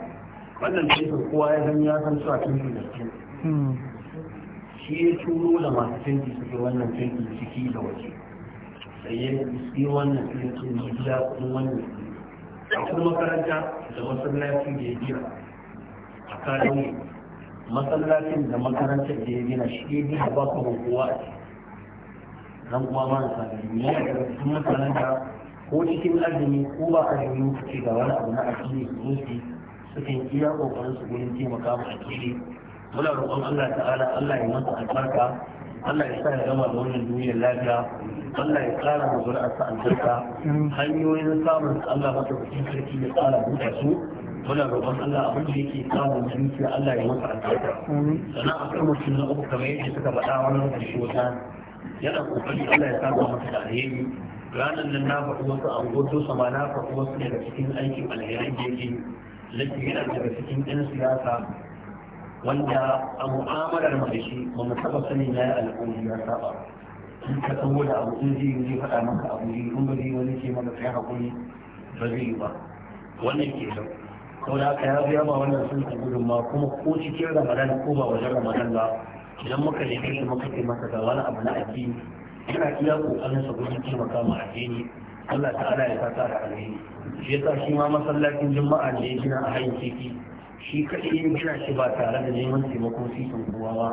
وأن الشيخ القوية لم يكن ساكن في الأسلام شيء تقولوا لما تفنتي سكي وانا تفنتي سكي لوجه سيئة سكي وانا تفنتي مجلاء قوان أقول ما كانت إذا وصلنا في جيدية أكاديمي مثلا لكن إذا ما كانت جيدية شيئة بطر القوات نقوى ما نسأل مثلا ko cikin azumi ko ba a yi kuke ga wani abu na addini su zuci sukan iya kokarin su gurin taimaka mu addini muna roƙon Allah ta'ala Allah ya masa albarka Allah ya sa ya gama da wannan duniyar lafiya Allah ya ƙara da zuri'arsa albarka hanyoyin samun Allah masa kuɗin sarki ya ƙara buɗe su muna roƙon Allah abin da yake samun zuciya Allah ya masa albarka sannan a kan mutum na uku kamar yadda suka faɗa wannan ƙarshe wata yana ƙoƙari Allah ya samu masa da alheri ranar nan na faɗi wasu abubuwa sama na faɗi wasu daga cikin aikin alherin jeji lafi yana daga cikin ɗan siyasa wanda a mu'amalar mai shi ba mu taɓa sanin ya yi alƙawari ya saba in ka san da abu in zai yi faɗa maka abu yi in ba zai yi wani ce maka kai haƙuri ba zai yi ba wannan ke da ko da aka yazo ya ba wannan sun ka gudun ma kuma ko cikin ramadan ko ba wajen ramadan ba idan muka nemi shi muka taimaka, masa ga wani abu na addini yana iya kokarin sa gurin taimaka ma addini Allah ta'ala ya saka da alheri shi sa shi ma masallacin juma'a ne gina a hayin ciki shi kaɗai yin gina shi ba tare da neman taimakon sifin kowa ba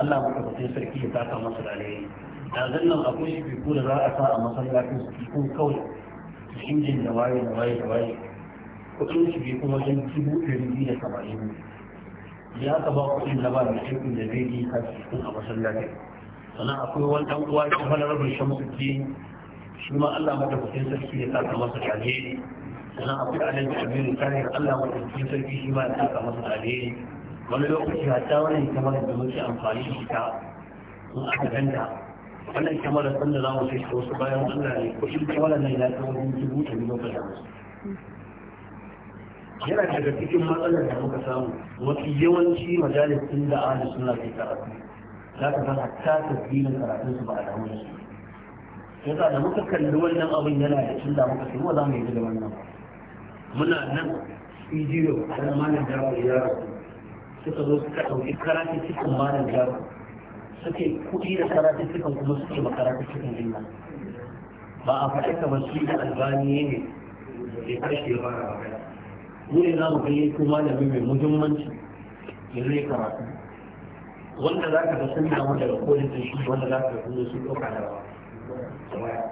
Allah maɗaukakin sarki ya saka masa da alheri yanzu nan akwai shifiku da za a sa a masallacin shifin kawai injin da waye da waye da waye kuɗin shifiku wajen dubu ɗari biyu da saba'in ya ka ba kuɗin na ba da shifin da zai yi kafin a masallacin sannan akwai wani ɗan uwa ya fara rabin shamuki shi ma Allah madaukakin sarki ya saka masa alheri sannan akwai alhaji amiru tahir Allah madaukakin sarki shi ma ya saka masa alheri wani lokaci ya hatta wani kamar da muke amfani da ita in aka ganta wannan kamar da sanda za mu sai wasu bayan Allah ne ko shi kamar nan ya kawo dubu ɗari bakwai da wasu yana daga cikin matsalar da muka samu mafi yawanci majalisun da ahalin suna ke karatu za ka san hatta tasbirin karatunsu ba a damu da su yasa da muka kalli wannan abin yana da illa muka ce wa za mu yi da wannan muna nan ijiyo a nan malam jaro da rasu suka zo suka ɗauki karatun cikin malam jaro suke kuɗi da karatun cikin kuma suke ma karatun cikin jinna ba a faɗi ka basu da albani ne ya kashe ba mu ne za mu kai kuma da mai muhimmanci ya zai karatu wanda za ka ga sun damu daga kolin din shi wanda za ka ga sun sun ɗauka da waya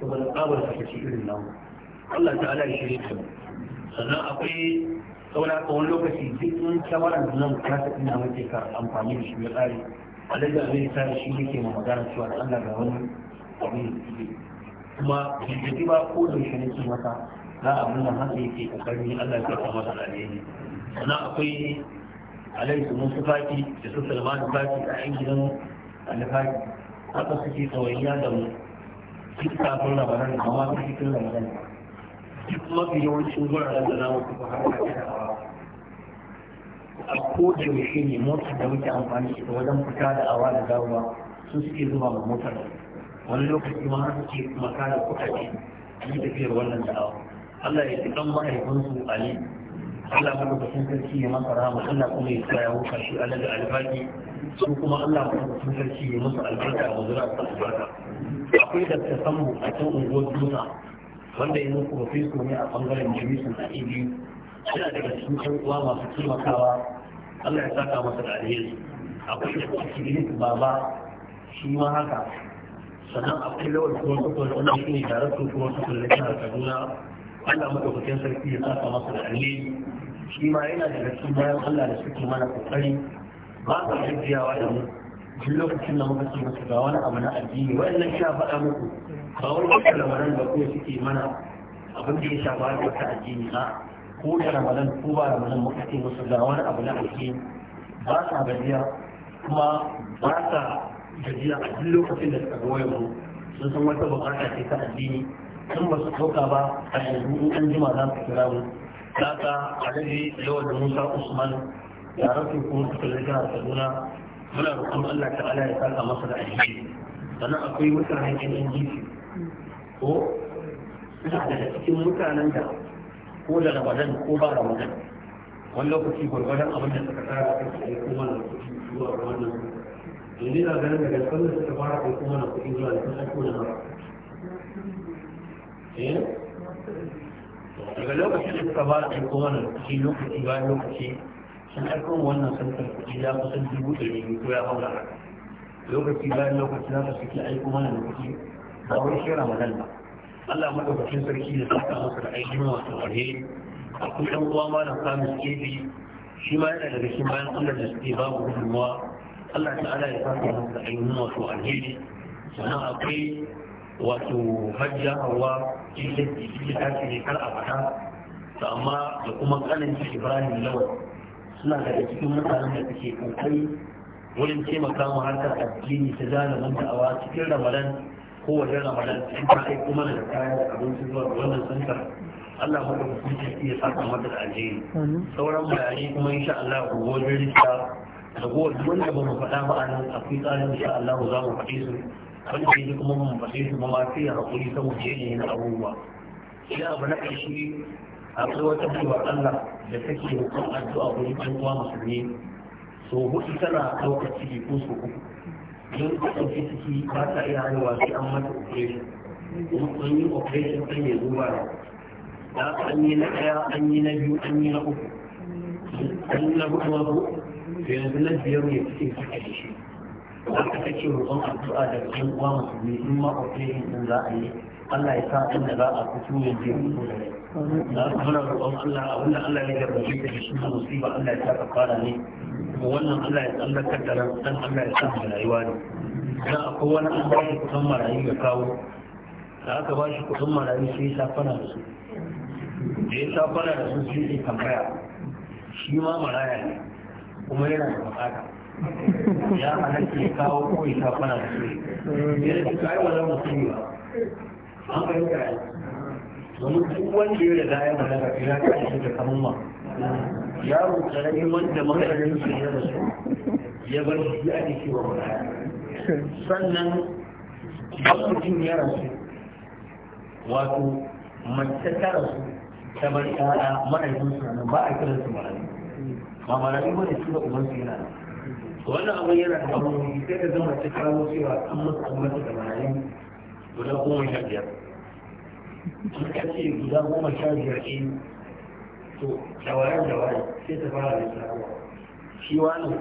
kuma da tsabar ka ci irin namu Allah ta'ala ya shirye ta sannan akwai saura tsawon lokaci duk in shawarar nan ka ta ina mace ka amfani da shi ya tsari alhaji abin tsari shi yake ma magana cewa da Allah ga wani abin kuma jirgi ba ko da shi ne su mata za a nuna hasa yake kokarin Allah ya kafa masa alheri sannan akwai alaihi mun su da su salmanu faki a yan gidan alfaki haka suke tsawaiya da mu duk kafin labaran amma su cikin labaran duk mafi yawancin guraren da namu su har a cikin a koda yaushe ne motar da muke amfani da wajen fita da awa da dawowa su suke zuba ma motar wani lokaci ma har suke makara kuɗaɗe a yi tafiyar wannan da'awa Allah ya fi ɗan mahaifinsu Ali Allah madaukakin sarki ya masa rahama Allah kuma ya tsaya wuka shi a da albaki su kuma Allah madaukakin sarki ya masa albarka a wazira ta albarka akwai da ta samu a can unguwar dutsa wanda yanzu profeso ne a bangaren jami'in a ibi yana daga cikin uwa masu taimakawa Allah ya saka masa da alheri akwai da cikin baba shi ma haka sannan akwai lawal kuma wanda shi ne kuma na jihar Kaduna Allah madaukakin sarki ya saka masa da alheri shi ma yana daga cikin bayan Allah da suke mana kokari ba su gajiyawa da mu duk lokacin da muka ce musu ga wani abu na addini wa'annan sha faɗa muku ba wani duka lamaran da kuma suke mana abin da ya shafa da wata addini ba ko da ramadan ko ba ramadan muka ce musu ga wani abu na addini ba sa gajiya kuma ba sa gajiya a duk lokacin da suka ga mu sun san wata bukata ce ta addini sun ba su ɗauka ba a yanzu in an jima za su kira mu haka alhaji da musa usman yaran kuma suka zai jihar kaduna muna roƙon allah ta'ala ya saka masa da alheri sannan akwai mutanen yan jiki ko suna da cikin mutanen da ko da ramadan ko ba ramadan wani lokaci gwargwadon abin da suka tsara a kai kuma na kuɗi zuwa wannan yanzu na ganin daga kan da suka fara kai kuma na kuɗi zuwa da kusa ko da mara daga lokacin da suka ba fara aiko wannan lokaci lokaci bayan lokaci sun aiko wannan sarkar kuɗi ya kusan dubu ɗari biyu ko ya haura haka lokaci bayan lokaci za ka suke aiko mana lokaci ba wai shi ramadan ba Allah madaukakin sarki da saka masa da aiki aikin wasu alheri akwai ɗan uwa malam kamis kefi shi ma yana daga cikin bayan Allah da suke ba mu gudunmawa Allah ta'ala ya saka masa da aiki aikin wasu alheri sannan akwai wato hajja hawa in ya tashi ne kar a faɗa to amma da kuma ƙanin ibrahim lawal suna daga cikin mutanen da suke kokari wurin taimaka mu harkar addini ta zalimin da'awa cikin ramadan ko wajen ramadan in ta kai kuma da kayan da abinci zuwa wannan santar Allah mu kuma kuma ya saka mata da alheri sauran bayani kuma insha Allah ku wajen rista da kowace wanda ba mu faɗa ba a nan akwai tsarin insha Allah za mu faɗi su wanda ya kuma mun faɗe su ma sai ya haƙuri saboda yanayi na abubuwa shi abu na ƙarshe akwai wata baiwar Allah da take hukun addu'a wurin ɗan uwa musulmi so hudu tana ɗaukar ciki ko so uku don ta ɗauki ciki ba ta iya haihuwa sai an mata operation in yi operation ɗin ya zuba ne da an yi na ɗaya an yi na biyu an yi na uku an yi na hudu ma ko yanzu na biyar ne cikin suka da shi da aka ce roƙon addu'a da ɗan uwa musulmi in ma operation din za a yi Allah ya sa in inda za a fito ya je ko da rai da aka muna roƙon Allah a wannan Allah ya garbace da shi na musiba Allah ya sa ka fara ne kuma wannan Allah ya tsallakar da ran dan Allah ya sa mu rayuwa ne da akwai wani an bashi shi marayu ya kawo da aka bashi shi marayu sai ya safana da su da ya safana da su sai ya tambaya shi ma maraya ne kuma yana da buƙata. ya halarci kawo ko ya shafana da su. ya da duka yi wannan mutum ba an ka yi kayan domin duk wanda ya riga ya mallaka ya kayan shi da kamun ma yaro karamin wanda makarin su ya su ya bar shi ake cewa mulaya sannan idan mutum ya rasu wato mace ta rasu ta bar ƴaƴa mahaifinsu nan ba a kiransu marayu ba marayu ba ne su da ubansu yana nan wannan abin yana da abin sai da zama ta kawo cewa an masa an masa da marayu guda goma sha biyar in ka ce guda goma sha biyar ɗin to shawarar da wani sai ta fara da sarawa shi wani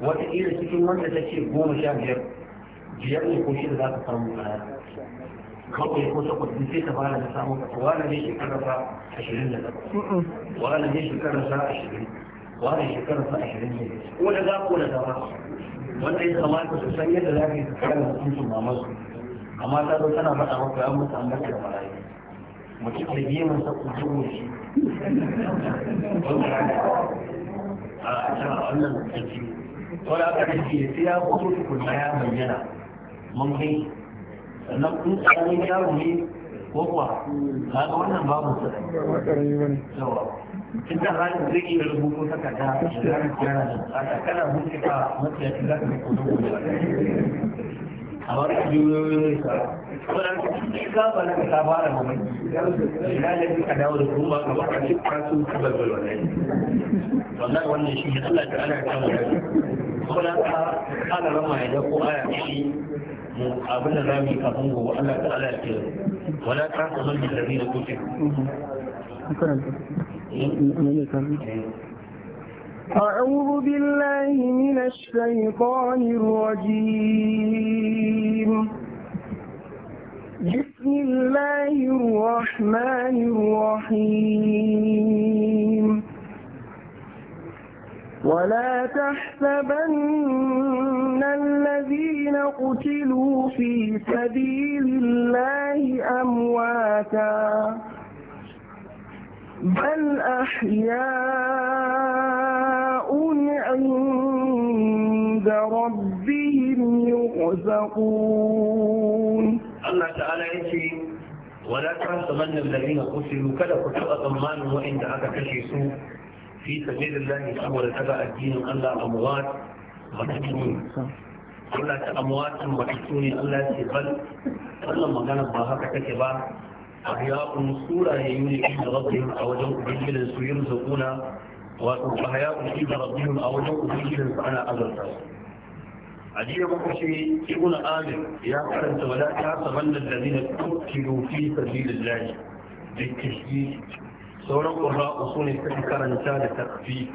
wataƙila cikin wanda ta ce goma sha biyar biyar ne ko shida za ka samu kaya kawai ko takwas din sai ta fara da samun kaya wani ne shekarar sa ashirin da takwas wani ne shekarar sa ashirin wani shekarar sa shirin ne ko da za ko da zama wanda ya kamata su san yadda za ka yi tsakanin hukuncin mamansu amma ta zo tana faɗa maka ya mutu an mata da marayu mutum da biye mun sa ku jiwo shi a can a wannan tsaki wani aka da ke sai ya fito tukunna ya bayyana mun kai sannan kun tsakanin yaro ne ko kuwa ga wannan babu sa ne. in da ranar zai iya rubutu saka da ranar kiyana a kakana mutu ka mafi yaki za ka mai kodon gobe a wani juyoyin sa wadanda su gaba na ta fara mamaki ina ne suka dawo da kuma ka baka cikin kasu ka balbal wannan wannan wannan shi ne Allah ta'ala ya kama da kuma na ka ana rama ya ko aya shi mu abin da zamu yi kafin gobe Allah ta'ala ya kira wala ta kuma da rabbi da kuke أعوذ بالله من الشيطان الرجيم بسم الله الرحمن الرحيم ولا تحسبن الذين قتلوا في سبيل الله أمواتاً بل أحياء عند ربهم يرزقون الله تعالى يتي ولا تحسبن الذين قتلوا كلا قتلوا أطمان وإن دعك كشيسوا في سبيل الله سبل تبع الدين ألا أموات مكتون ألا تأموات مكتون الله تبل الله مغانا ما هكا كتبا أحياء سورة يمين عند ربهم أو جو بجل سوير سكونا وأحياء عند ربهم أو جو بجل فأنا أذرت عجيب مكشي ابن آمر يا أنت ولا تحسبن الذين قتلوا في سبيل الله بالتشديد sauran قراء su ne suka karanta da takfi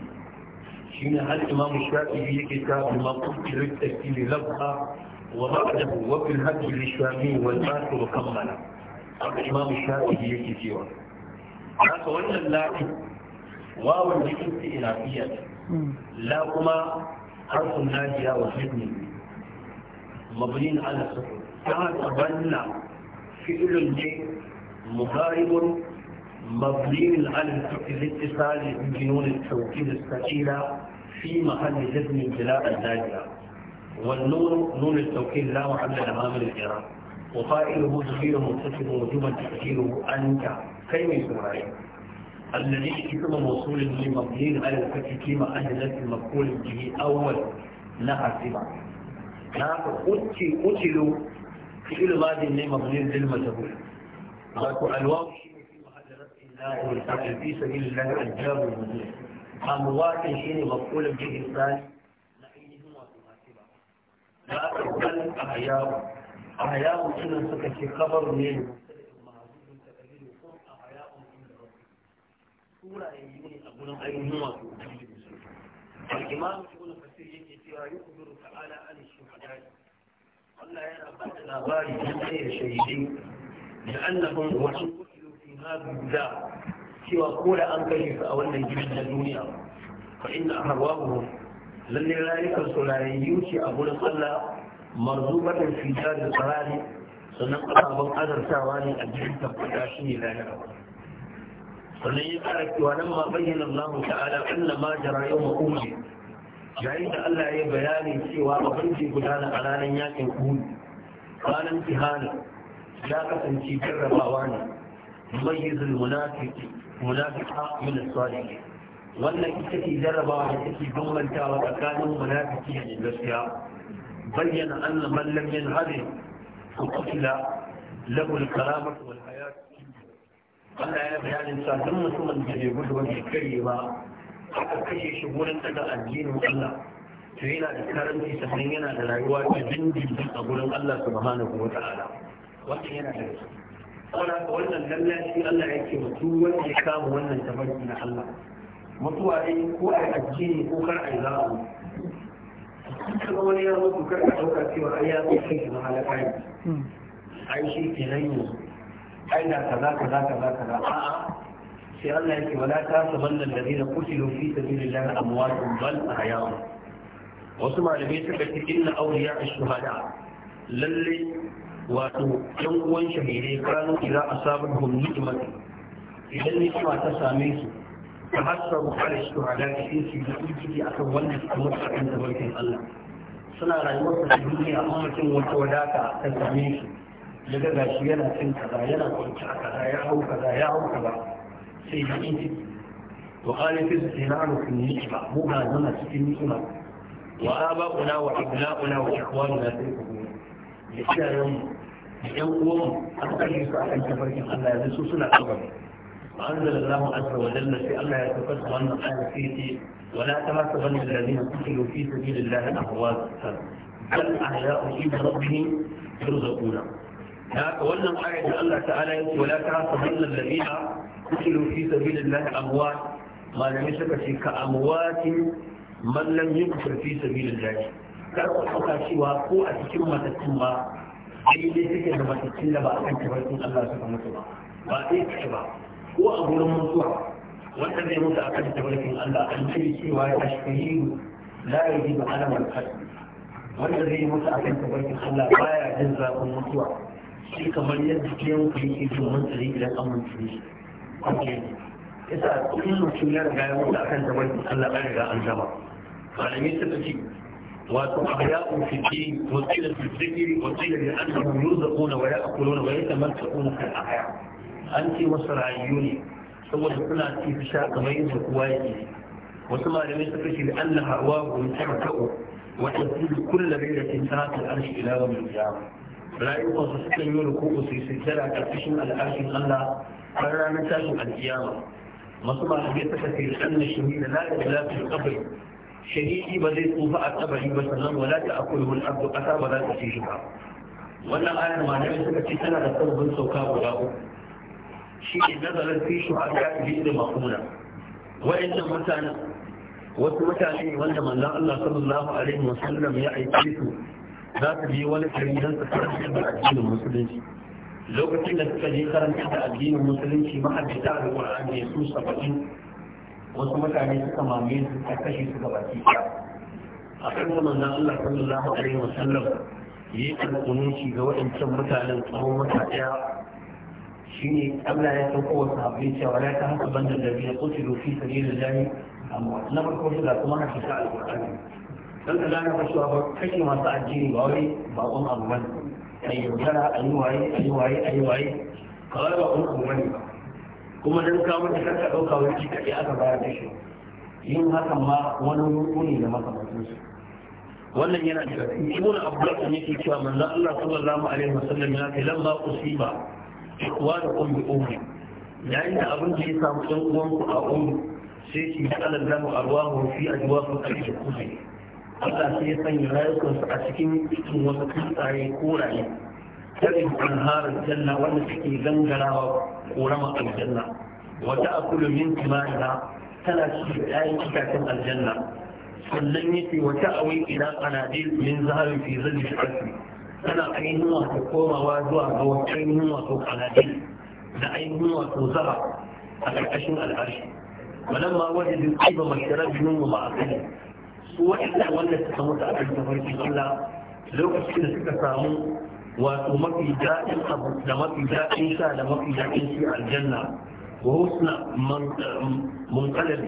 shi ne har imamu shafi'i yake ta ma kuskirin takfi labba wa ba'dahu wa haka imamu shafi'i yake cewa haka wannan lafi wawan jikin su ilafiyar hmm. la kuma harfin najiya wa shirni mabnin ala sukun ta haka banna fi'ilun ne mubaribun مبني على الاتصال بجنون التوكيد الثقيلة في محل جزم بلا الزاجرة والنون نون التوكيد لا محل لها من الإرام وقائله ضمير متصل وجوبا تفكيره انت كيف سمعي الذي اسم موصول لمبني على الفتح كما انزلت المقول به اول نحسب نحن قتل قتلوا فعل ماضي مبني للمجهول ذاك الواو الله والفتح في سبيل الله الجار والمجهول اموات شيء مقول به الثاني نعيدهم وتناسبا لا تقبل احياء a yawon irin suka ce kabar ne a gurin ainihin wasu al'imam ibn fasir yake cewa yi kubiru ta'ala an shuhadai Allah yana ba da labari don tsaye shaidai da annabin wasu kusurwa fi haɗu da cewa ko da an kashe su a wannan gidan na duniya fa inna arwahu lalle rayukan su rayayyu ce a gurin Allah marzubatan fita da tsarari sannan ababen azartawa ne a cikin tabbata shi ne lahira sannan ya kara cewa nan ma bayyana Allah ta'ala anna ma jara yau ma'uji yayin da Allah ya bayani cewa abin ke gudana a ranar yakin kudu ranar tihana ya kasance jarrabawa ne mayyizul munafiki munafika min as-salihin wannan ita ce jarrabawa da take bambantawa tsakanin munafiki da gaskiya بين أن من لم ينهره فقتل له الكرامة والحياة قال يا ابي يعني ثم لما تمن يقول وجه كريم حتى كشي شغول انت الدين وقال فينا الكرم في سحرينا على رواية بندي بقبول الله سبحانه وتعالى وقال يا قولنا لم لا شيء الا عيك متوى الكام ولا تبدل حلا متوى اي كوى الدين كوى kuma wani ya mutu kar ka ɗauka cewa ai ya zo kai shi mahalaka ne hmm. ai shi ke nan yanzu ai na kaza kaza kaza kaza a'a sai Allah yake wala ta saban da ladina kutilu fi sabilillahi amwatun bal ahya'un wasu malamai suka ce inna awliya ash-shuhada lallai, wato yan uwan shahidai kanu idza asabahum ni'mat idan ni'ima ta same su tabassaru ala shuhada cikin su da kuke akan wannan amur a kan tabarkin Allah suna rayuwar su duniya amma mutum wata wadata ta same shi daga gashi yana cin kaza yana kwanci a kaza ya hau kaza ya hau kaza sai ya da in ci sai alifin sinanu kun yi ba mu ga zama cikin ni'ima wa aba'una wa ibna'una wa ikhwanuna sai ku da iyayenmu da yan uwanmu aka kashe su kan tabarkin Allah yanzu su suna kabari فأنزل الله عز وجل في الله يتفق أن قال فيه ولا تمسبن الذين قتلوا في سبيل الله أموات بل أحياء عند ربهم يرزقون هناك ولا آية الله تعالى ولا تمسبن الذين قتلوا في سبيل الله أموات ما لم يشك كأموات من لم يقتل في سبيل الله kar ku ɗauka cewa ko a cikin matattun ba daidai suke da matattun da ba a kan tafarkin Allah suka mutu ba ba ɗaya ba ko a gurin mutuwa wanda zai mutu a kan tabarkin Allah an ce cewa ya ashkiru la yaji ba alamar kalbi wanda zai mutu a kan tabarkin Allah baya jin zafin mutuwa shi kamar yadda kiyan ku yake jin mantsari idan an mutu shi yasa kullum mutum ya riga ya mutu a kan tabarkin Allah ya riga an zama malamai suka ce وأحياء في الدين وقيل في الذكر وقيل لأنهم يرزقون ويأكلون ويتمسكون في الأحياء an ce wasu rayu ne saboda suna ci fi sha kamar yadda kowa yake wasu malamai suka ce da Allah hawa gun tarka'u wa tasiru kullu bayratin tahta al-arshi ila yawm al-qiyamah rayuwar su sukan yi ruku'u su su jira karkashin al'arshin Allah har ranar tashin al-qiyama masu malamai suka ce da annan shahida la ilaha illa qabri shahidi ba zai tsufa a kabari ba sannan wala ta akulu al-ardu qasa ba za ta ci shi ba wannan ayar malamai suka ce tana da sabbin sauka guda uku shi ne nazarin fi shuhada bi da maqula wa'annan mutane wasu mutane wanda manzon Allah sallallahu alaihi wasallam ya aike su za su je wani kari don su karanta da addinin musulunci lokacin da suka je karanta da addinin musulunci mahaddata da Qur'ani ya su saba'in wasu mutane suka mamaye su ta kashe su gabaki a kan manzon Allah sallallahu alaihi wasallam yi alƙununci ga waɗancan mutanen tsawon wata ɗaya shine Allah ya sauko wa sahabbai cewa la ta haka banda da biya qutilu fi sabilillahi amma na farko shi da kuma haka ta alqur'ani dan da na fashi wa kake masu addini ba wai ba kun abu bane ai yaudara ai waye ai waye ai waye kawai ba kun abu bane kuma dan ka mutu kar ka dauka wani ki kake aka bayar da shi yin hakan ma wani ruku ne da makamancin su wannan yana da ibnu abdullah ne ke cewa manzo Allah sallallahu alaihi wasallam ya ce lamma usiba wa da ummi ummi yayin da abin da ya samu ɗan uwanku a ummi sai ki da alallamu arwahu fi ajwafu kashi kuzi Allah sai ya sanya rayukansu a cikin cikin wasu tsuntsaye koraye تجد أنهار الجنة ونسكي زنجرة ورمى الجنة وتأكل من ثمارها ثلاث آية كاتم الجنة سلنيتي وتأوي إلى قناديل من ذهب في ظل الحسن tana ainihin wato komawa zuwa ga wata ainihin wato kanadi da ainihin wato zara a ƙarƙashin al'arshi wannan ma wajen da su ba mashirar jinin mu ba a kai su waɗanda wanda suka mutu a kan tafarki Allah lokacin da suka samu wato mafi daɗin abu da mafi daɗin sha da mafi daɗin shi aljanna wa husna eh, munkalar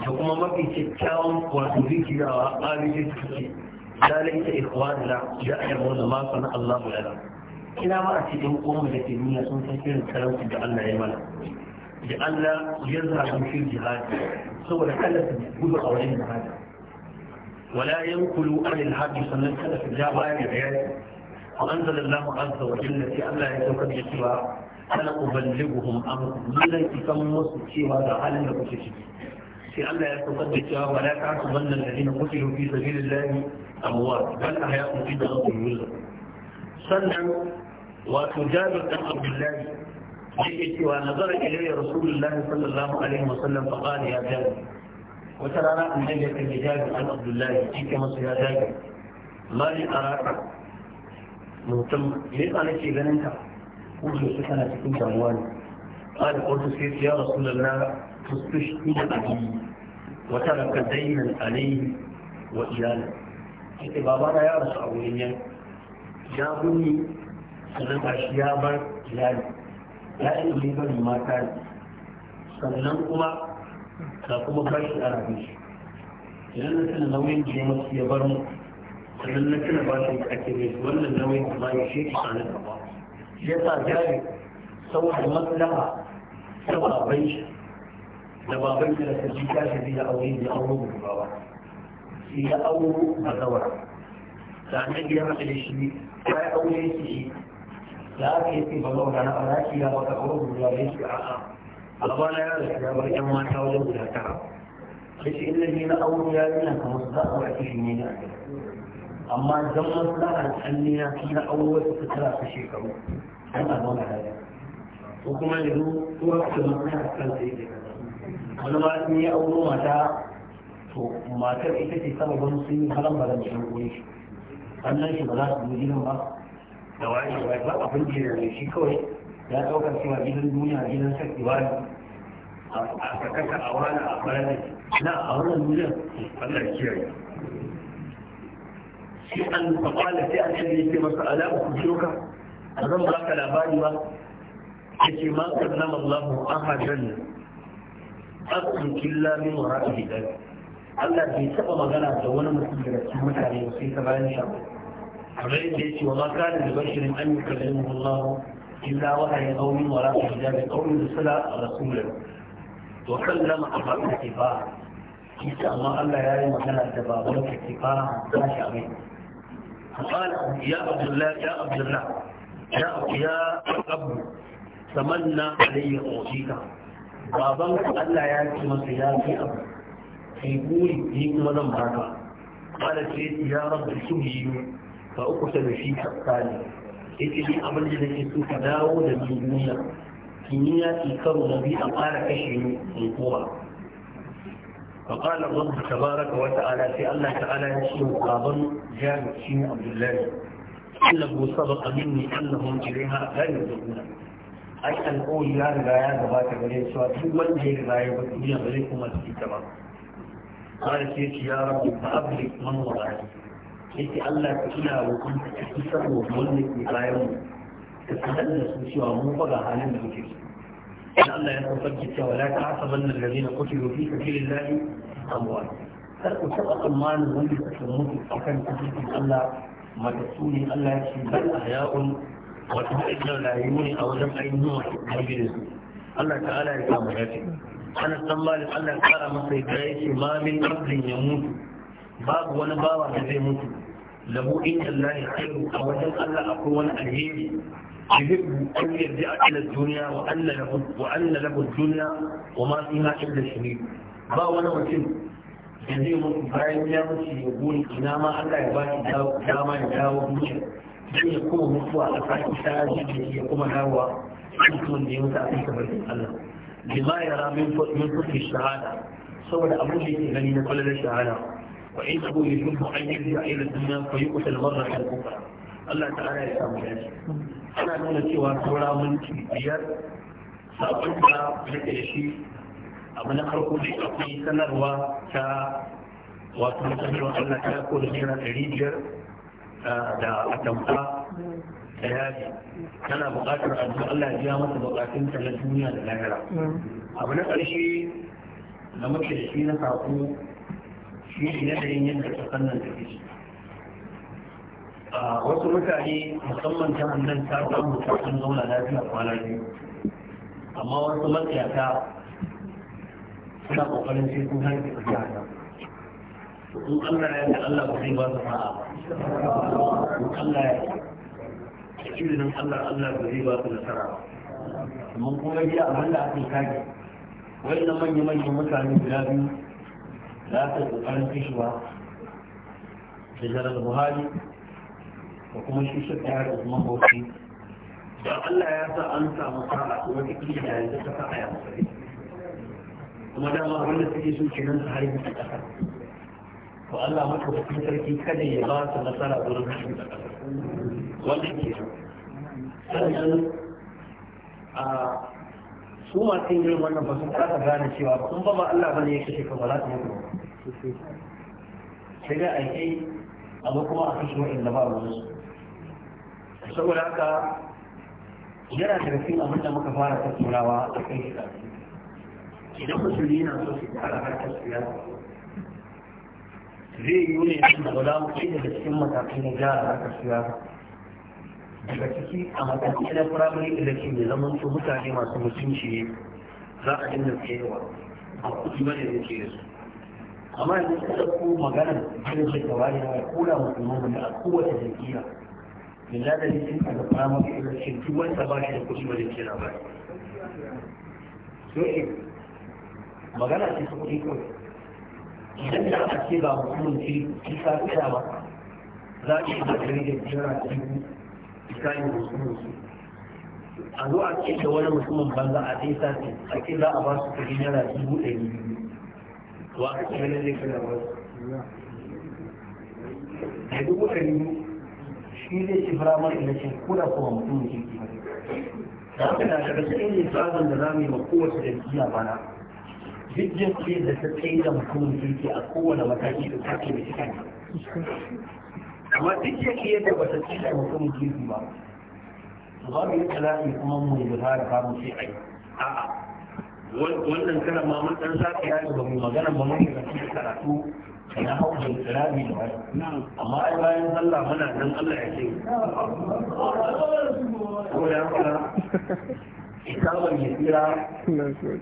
da kuma mafi kyakkyawan wato rikiyawa a rikiyawa ذلك إخواننا يعلمون ما صنع الله لنا ina ma a cikin umar da ke duniya sun san irin talauci da Allah ya mana da Allah ya zaɓi shi jihadi saboda kada su gudu a wajen jihadi wala yankulu an ilhadi sannan kada su ja baya da bayani wa anzalallahu azza wa jalla sai Allah ya saukar da zan musu cewa da kuke ciki في لا يتقد الشهر ولا تعصبن الذين قتلوا في سبيل الله أموات بل أحياء عند ربهم يرزقون سنن وتجابر عن عبد الله ونظر إلي رسول الله صلى الله عليه وسلم فقال يا جابر وترى أن نجد الحجاب عن عبد الله فيك مصر يا جابر ما لي أراك مهتم ليس عليك إذا أنت قلت سكنت كنت أموالي قال قلت سيدي يا رسول الله تستشهد أبي wata raka dainan alaihi wa iyalin ita babana ya rasu a wurin yan ya gumi sannan a shi ya bar iyali ya yi ilimin mata ne sannan kuma ta kuma ba shi a rabe shi idan na tuna nauyin da ya masu ya bar mu sannan na tuna ba shi ake mai wannan nauyin kuma ya shi shi sanar da ba shi ya sa jari saboda maslaha ta baban shi لبابك لسجيكا شديد أولي لأولو بالبابا إلى أولو بالدورة لأن أجل ما قد الشديد فأي أولي سجيد لا كيتي بالله وانا أراك يا بابا أولو بالبابا يسجي عقا أبالا يا لك يا بابا يما تاولو بلا ترى ليس إلا لنا أولو يا لنا كمصدق وعتشنين أما زمتنا أن أننا كينا أولو ستترى فشيكو أنا أبالا هذا وكما يدو هو أكثر مرحبا كانت إيدي wani ma in ya auro mata to matar ita ce sababin sun yi halan ba zan shan kuri shi sannan shi ba za su yi gidan ba da wani ba ba abin da ya shi kawai ya ɗaukar cewa gidan duniya gidan sarki ba a kakasa a wani a faransa na a wannan duniya Allah kiyaye shi an faƙala sai an shirya ce masa ala ku shoka a zan ba ka labari ba ya ce ma sallama Allah ahadan أكثر كلا من وراء هداك الله في سبب غلا دون مسلم رسول الله في سبعين شهر غير ذلك وما كان لبشر أن يكلمه الله إلا وحي قوم وراء هداك قوم رسول رسولا وكلم أبا كتفا إن شاء الله يعني مثلا الدباب ولا كتفا لا شعبين فقال يا عبد الله يا عبد الله يا أبو يا أبو تمنى علي أعطيك baban ka Allah ya ce masa ya fi abu kai buri ni kuma zan baka kada ce ya rabu su biyu fa uku ta da shi tsakani yake ni abin da nake so ka dawo da duniya ya ki karo na biyu a fara kashe ni in koma فقال الله تبارك وتعالى في الله تعالى يشير قابل جامع شين عبد الله إنه سبق مني أنهم إليها لا يرجعون ai alƙawari ya riga ya gabata gare cewa duk wanda ya riga ya bata duniya ba zai kuma su ita ba kawai sai ce ya rabu ba ablik man wa'adi yake Allah ka ina roƙon ka ta isar wanda ke bayan mu ka sanar da su cewa mu fa ga halin da muke ciki إن الله يتفجد ولا تعصبن الذين قتلوا Kar ku taba أموال تركوا سبق المال ولم تسلموا في أكن تسلم الله Allah تسوني الله بل wato waɗannan rayuwa ne a wajen ainihin wasu gidan Allah ta'ala ya samu dace ana san malik Allah ya kara masa yadda ya ce ma min abdin ya mutu babu wani bawa da zai mutu lahu inda Allah ya khairu a wajen Allah akwai wani alheri an yarda a يحب أن يرجع إلى الدنيا وأن له duniya wa الدنيا وما فيها إلا الشريك ba wani mutum da zai mutu bayan ya mutu ya buri ina ma Allah ya ba shi dama ya dawo duniya zai kuma mutuwa a ƙasa ta jiki ya kuma dawowa mutumin da ya mutu a kan tabarkin Allah lima ya ramin min furfi shahada saboda abin da yake gani na kwallon shahada wa in abu ya shubhu an yi da ayyar duniya fa yi kusa da marar da kuka Allah ta'ala ya samu dace ana nuna cewa saura mun biyar sabon da nake da shi abu na farko da akwai sanarwa ta wato sanarwa Allah ta ko da naira ɗari biyar da atamfa da yaji tana buƙatar addu'a Allah ya biya masa buƙatunta na duniya da lahira abu na ƙarshe da muke da shi na saƙo shi ne yanayin yadda ƙasar nan take a wasu mutane musamman ta hannun ta samu ta sun zauna lafiya kwana biyu amma wasu matsayata suna ƙoƙarin sai sun harfi a jihar in Allah ya Allah ba zai ba su ma'a in Allah ya shirin Allah Allah ba zai ba su nasara mun kuma biya abin da ake kage wai na manya manyan mutane guda biyu za ta kokarin kishiwa da jarar buhari da kuma shi shi ta yara usman bauchi da Allah ya sa an samu sa'a kuma ta kiyar da yanzu ta sa'a ya masarai kuma dama wanda suke so kenan su harbi a ƙasa to Allah maka bakin sarki kada ya ba su nasara wurin shi wannan ke sannan a su masu yin wannan ba sun kasa gane cewa ba kun ba ba Allah bane ya kashe ka ba za ta mutu sai dai a kai amma kuma a kashe wa'anda ba wani su saboda haka yana da cikin abin da muka fara tattaunawa a kai shi idan musulmi yana so su fara harkar siyasa zai yi ne da za mu ci daga cikin matakai na gyara harkar siyasa daga ciki a matakai na firamare ke mai zaman su mutane masu mutunci ne za a dinga tsayewa a kuɗi bane da ke su amma yanzu ta ɗauko magana jirin da gaba ne a kula musulman da a kowace jam'iyya da da jikin a ga firamare ke duk wanda ba shi da kuɗi da ke labari. Magana ce ta kuɗi kawai. idan da aka ce ba mutumin ce shi ta tsaya ba za a iya gari da jira cikin ikayin mutumin su a zo a ce da wani mutumin banza a dai sati a ce za a ba su kuɗi naira dubu ɗari biyu to aka ce ganin zai ba wasu da dubu ɗari biyu shi zai ci firamar ina ce kuna kuma mutumin ce da haka na daga cikin lissafin da za mu yi ma kowace jam'iyya bana duk jinsi da ta tsaye da mutumin kirki a kowane mataki da ta ke da shi kanta amma duk jinsi da ba ta tsaye da mutumin kirki ba babu yadda za a yi kuma mu da fara famu sai a yi a'a wannan karan ma mun dan saka ya ba mu magana ba mun yi karatu na hau da tsirabi da wani amma ai bayan sallah muna nan Allah ya ce ko da haka kitabun ya tsira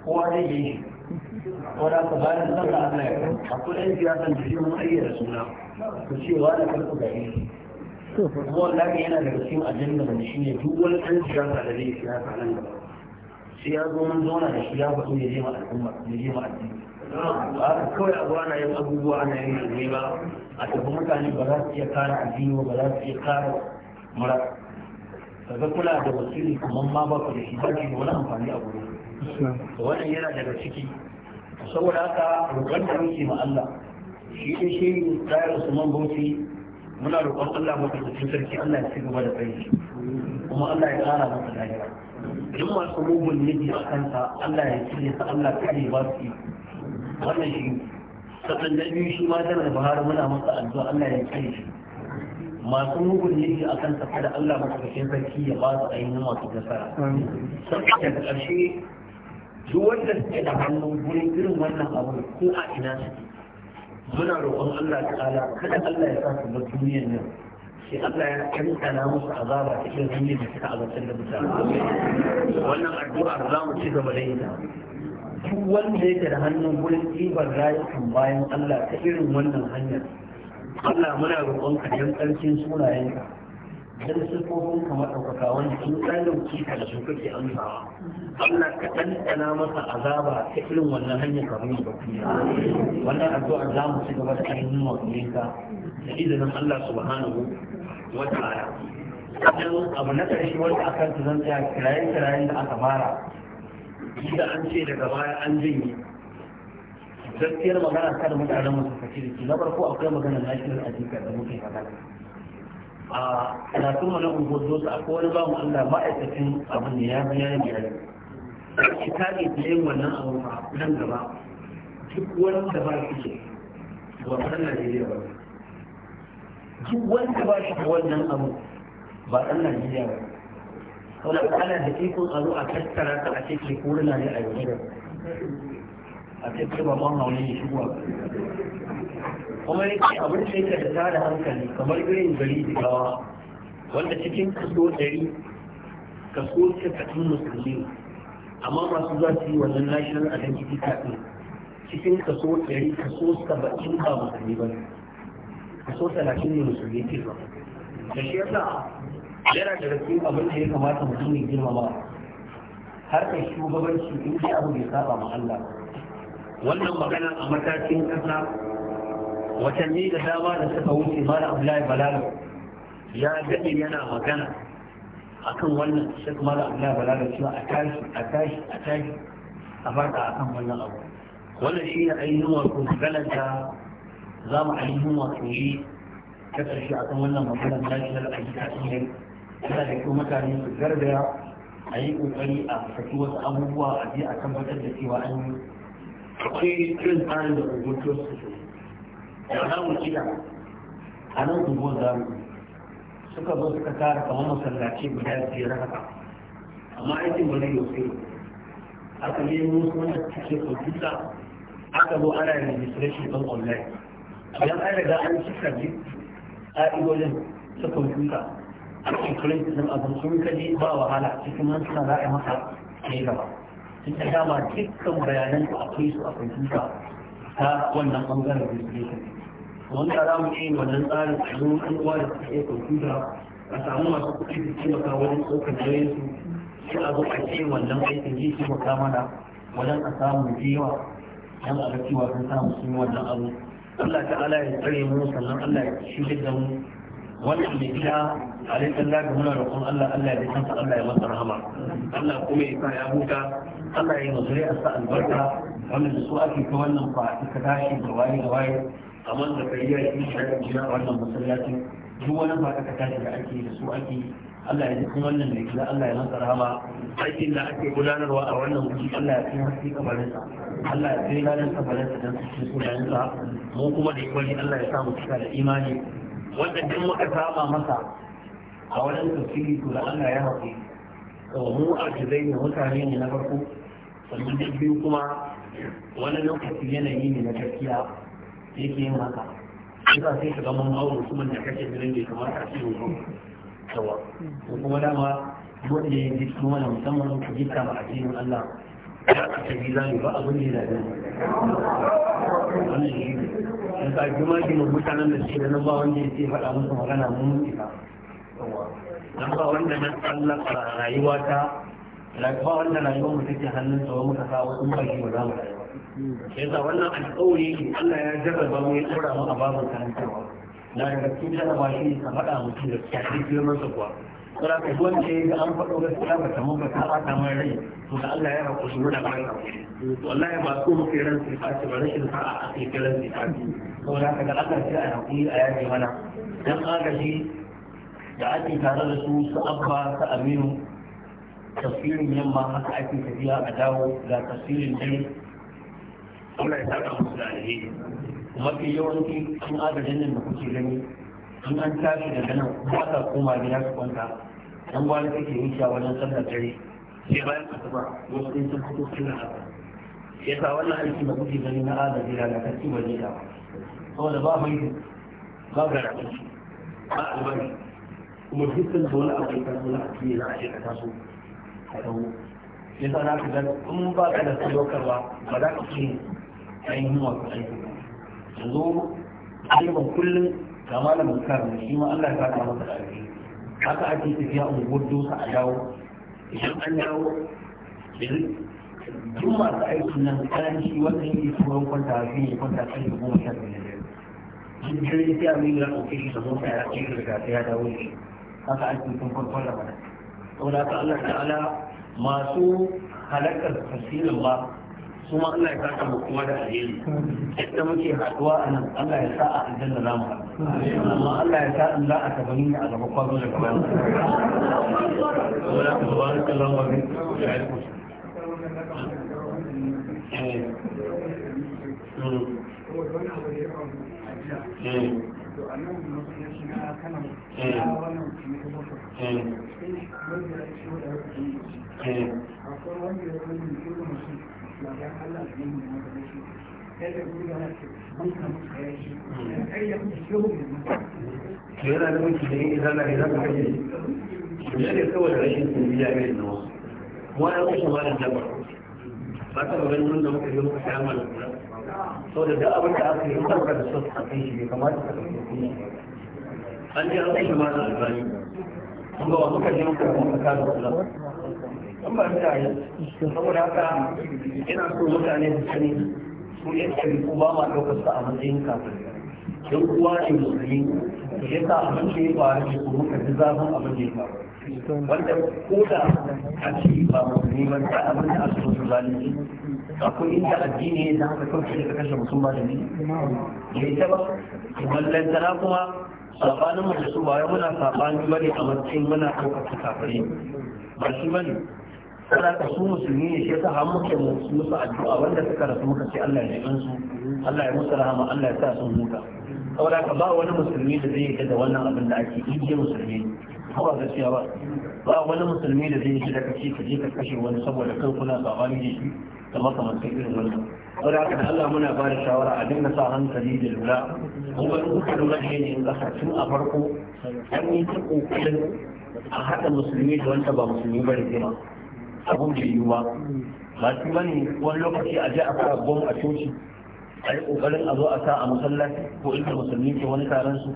kowa zai yi wadda ka bayan sallah Allah ya kai akwai ɗan siyasan da shi mun ayyana suna ku ce wa da karku gari kuma wanda wallahi yana daga cikin ajanda da shi ne duk wani ɗan siyasa da zai siyasa nan gaba sai ya zo mun zauna da shi ya faɗo ya je ma al'umma ya je ma addini ba kawai abu ana yin abubuwa ana yin shirme ba a tafi mutane ba za su iya kara addini ba za su iya kara mura kaga kula da wasiri kuma ma ba ku da shi ba shi wani amfani a gurin wannan yana daga ciki saboda haka roƙon da muke ma Allah shi ne shi tsayar man Bauchi muna roƙon Allah maka da sarki Allah ya ci gaba da tsayi kuma Allah ya ƙara maka lafiya duk masu mugun miji a kansa Allah ya cire sa Allah ta kare ba su yi wannan shi sannan da biyu shi ma janar Buhari muna masa addu'a Allah ya cire shi masu mugun nufi a kan tafi da Allah matsakashin sarki ya ba su ainihin masu gasara. Sarki daga ƙarshe duk wanda suke da hannu wurin irin wannan abu ko a ina suke muna roƙon Allah ta'ala kada Allah ya sa su bar duniyar nan sai Allah ya kankana musu azaba cikin hanyar da suka azabtar da mutane wannan addu'ar za mu ci gaba da ita duk wanda yake da hannun wurin ɗibar rayukan bayan Allah ta irin wannan hanyar Allah muna roƙon ka yan ƙarfin sunayenka dan sifofin kamar ɗaukaka wanda sun ɗaukaki ka da su kake amsawa Allah ka ɗanɗana masa azaba ta irin wannan hanyar kamar da kuma wannan addu'a za mu ci gaba da ainihin mawaƙinka da izinin Allah subhanahu wa ta'ala sannan abu na ƙarshe wanda a kan zan tsaya kiraye-kirayen da aka fara da an ce daga baya an janye gaskiyar magana kada mutanen masu kaci da ke na farko akwai maganar lafiyar ajiyar da muke magana a karatun wani ungozo su akwai wani bamu Allah ma'aikacin abin da ya biya ya biya shi ta ne da yin wannan abu a nan gaba duk wanda ba shi ne ba ɗan Najeriya ba duk wanda ba shi da wannan abu ba ɗan Najeriya ba saboda ana da ikon a zo a tattara ta a cikin kurna ne a yau a cikin babban hauli ne shigowa kuma ya yake abin da yake da tada hankali kamar irin gari da jigawa wanda cikin kaso ɗari kaso casa'in musulmi amma masu za su yi wannan national identity card cikin kaso ɗari kaso saba'in ba musulmi ba kaso talatin ne musulmi ke ba da shi yasa yana da rasu abin da ya kamata mutum ya girmama harkar shugabanci in ji abu bai saba ma Allah ba wannan magana a matakin kasa, watanni da dama da suka wuce mara abdullahi balalo ya gani yana magana a kan wannan shek mara abdullahi balalo cewa a tashi a tashi a tashi a farka akan wannan abu wannan shi ne ainihin wato maganar da za mu ainihin wato yi ta ƙarshe akan wannan maganar national ayyuka ne yana da kyau mutane su gargaya a yi ƙoƙari a saki wasu abubuwa a je a tabbatar da cewa an yi akwai irin tsarin da unguwar su da za mu kira a nan unguwar za mu suka zo suka tara kamar masallaci guda biyar haka amma aikin ba na yau aka nemo su wanda suke kwamfuta aka zo ana registration ɗin online idan an riga an cika bi ƙa'idojin ta kwamfuta a cikin kirin abin sun kaji ba wahala cikin nan za a yi masa ke gaba in ta dama dukkan bayanan da akwai su a kwamfuta ta wannan ɓangaren registration wani da mu iya wannan tsarin a zuwa ɗan uwa da suka iya kwamfuta a samu masu kuɗi su taimaka wajen ɗaukar nauyin su sai a zo a ce wannan aikin zai taimaka mana wajen a samu jiwa don a ga cewa sun samu sun wannan abu Allah ta'ala ya tsare mu sannan Allah ya shirya da mu wannan mai gida a rikin zaga muna roƙon Allah Allah ya san Allah ya masa rahama Allah kuma ya sa ya huta Allah ya mazuri a sa albarka wannan da su ake ta wannan ba ka tashi da waye da waye a wanda kai ya yi shari'a jira wannan masallacin duk wani ba ka tashi da ake da su ake Allah ya ji kuma wannan da gida Allah ya masa rahama aikin da ake gudanarwa a wannan wuri Allah ya kai haske kabarinsa Allah ya kai ladan kabarinsa don su ci sunayensa mu kuma da ikwani Allah ya samu cika da imani wanda duk muka saba masa a wajen tafsiri to da Allah ya haƙuri mu a jizai ne mutane ne na farko sannan duk biyu kuma wani lokaci yanayi ne na gaskiya yake yin haka shi ba sai ka ga mun aure kuma da kake ganin bai kamata a cikin mu kawa ko kuma dama wanda ya ji su mana musamman ka ji kama cikin Allah ya ka tafi zani ba abin da ya dace wannan shi ne in ka ji ke mutanen da shi da nan ba wanda ya ce faɗa musu magana mun isa dan ba wanda nan Allah a rayuwa ta ba wanda na rayuwar mu take hannun sa muka sa wasu ba shi ba za mu rayuwa yasa wannan alƙawari Allah ya jarraba mu ya tsora mu a babu karantarwa na daga cikin jarraba shi ka faɗa mutum da kyakkyakin girman sa kuwa tsara ka ji wanda ya ga an faɗo gaskiya ba ta muka ba ta ɓata mai rai to da Allah ya haƙuri mu da mai haƙuri ya ba ko muke ran sai ba ba rashin sa'a a kai su sai ba saboda haka da Allah sai a haƙuri a yaje mana dan agaji da ake tare da su su abba ta aminu tafsirin yamma haka ake tafiya a dawo ga tafsirin dare Allah ya saka musu da alheri mafi yawanci an adadin nan da kuke gani in an tashi daga nan ba ka koma gida su kwanta dan gwani take wuce wajen sallar dare sai bayan asuba wasu sun san fito suna haka yasa wannan aiki da kuke gani na adadi da na kaci ba ne da ba saboda ba mai ba ga rabu ba albari kuma dukkan da wani abu ka zo na addini ake ashe ka a ka dawo ta na ka gani in ba ka da sadaukarwa ba za ka fi ainihin wasu aiki ba. yanzu ayyukan kullum ga malamin karin shi ma Allah ya kama masa aiki haka ake tafiya unguwar dosa a dawo idan an dawo duk masu aikin nan karanci wanda yake turon kwanta shi ne kwanta kan yi goma sha biyar jirgin sai a mai yi rakoke shi da zuwa ya ce ga ta ya dawo ne haka ake cikin farkon ramadan saboda haka Allah ta'ala masu halakar tafsirin ba su ma Allah ya saka mu kuma da alheri yadda muke haduwa a nan Allah ya sa a aljanna zamu amma Allah ya sa in za a tabani a gaba kwazo da gaba wala ku ba ka Allah wa bin Eh. yana da mutu da yin izana ne za ka kashe shi ne kawai da rashin kungiya ne na wasu kuma ya kashe ma da jabar ba ta gaba yin da muka yi muka kaya mana sau da duk abin da aka yi muka da sosu a kan shi ne kamata ka ɗauki kungiya an ji an kashe ma da albani kuma wa muka je muka kuma ka da kula an ba ta yi saboda haka ina so mutane su sani su yan shariku ba ma ɗaukar su a matsayin kafin don kuwa ne musulmi ya sa abin da ya faru da kuma ka ji zafin abin da ya faru wanda ko da a ci ba musulmi ba ta abin da a cikin zalunci akwai inda addini ne da haka kawai ka kashe mutum ba da ni bai taba ballan tana kuma sabanin mu da su ba muna sabani bane a matsayin muna ɗaukaka kafare ba shi bane kana ka su musulmi ne shi yasa har muke musu addu'a wanda suka rasu muka ce Allah ya jikan su Allah ya musu rahama Allah ya sa sun huta saboda ka ba wani musulmi da zai yadda da wannan abin da ake yi musulmi ko ba gaskiya ba ba wani musulmi da zai shi daga ce ka je ka kashe wani saboda kan kuna sabani da shi da kai irin wannan ko da haka da Allah muna ba da shawara a dinga sa hankali da lura kuma in kuka lura shi ne in kasa tun a farko an yi ta kokarin a haɗa musulmi da wanda ba musulmi ba da jima abun da yiwuwa ba su bane wani lokaci a je a fara bom a coci a yi kokarin a zo a sa a masallaci ko inda musulmi ke wani taron su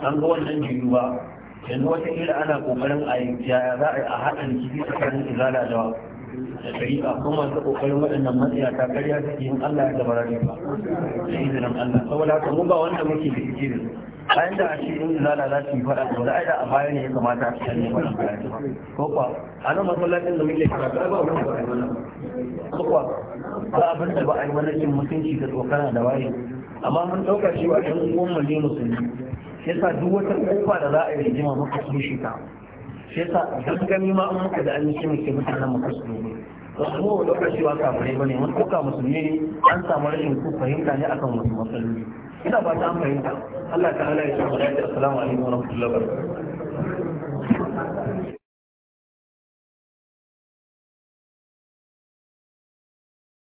an ga wannan yiwuwa yanzu wata ila ana kokarin a yaya za a haɗin kifi tsakanin izala da da shari'a ko masu kokarin waɗannan matsaya ta karya suke yin Allah ya zama ne ba da izinin Allah saboda haka mun ba wanda muke da kike bayan da ashe in izala za su yi faɗa to da a baya ne ya kamata a cikin neman Allah ko kuwa a nan masallacin da muke karatu ba wani ba a yi wannan ko kuwa ba abin da ba a yi wannan cin mutunci da tsokana da waye amma mun ɗauka wa ɗan uwan mu ne musulmi shi yasa duk wata kofa da za a yi rigima muka shi ta shi yasa gani ma an muka da an yi muke mutanen muka su to wasu kowa lokaci ba kafirai ba ne wani kuka musulmi ne an samu rashin ku fahimta ne akan wasu matsaloli ina ba ta an fahimta Allah ta'ala ya sa mu da assalamu alaikum wa rahmatullahi wa barakatuh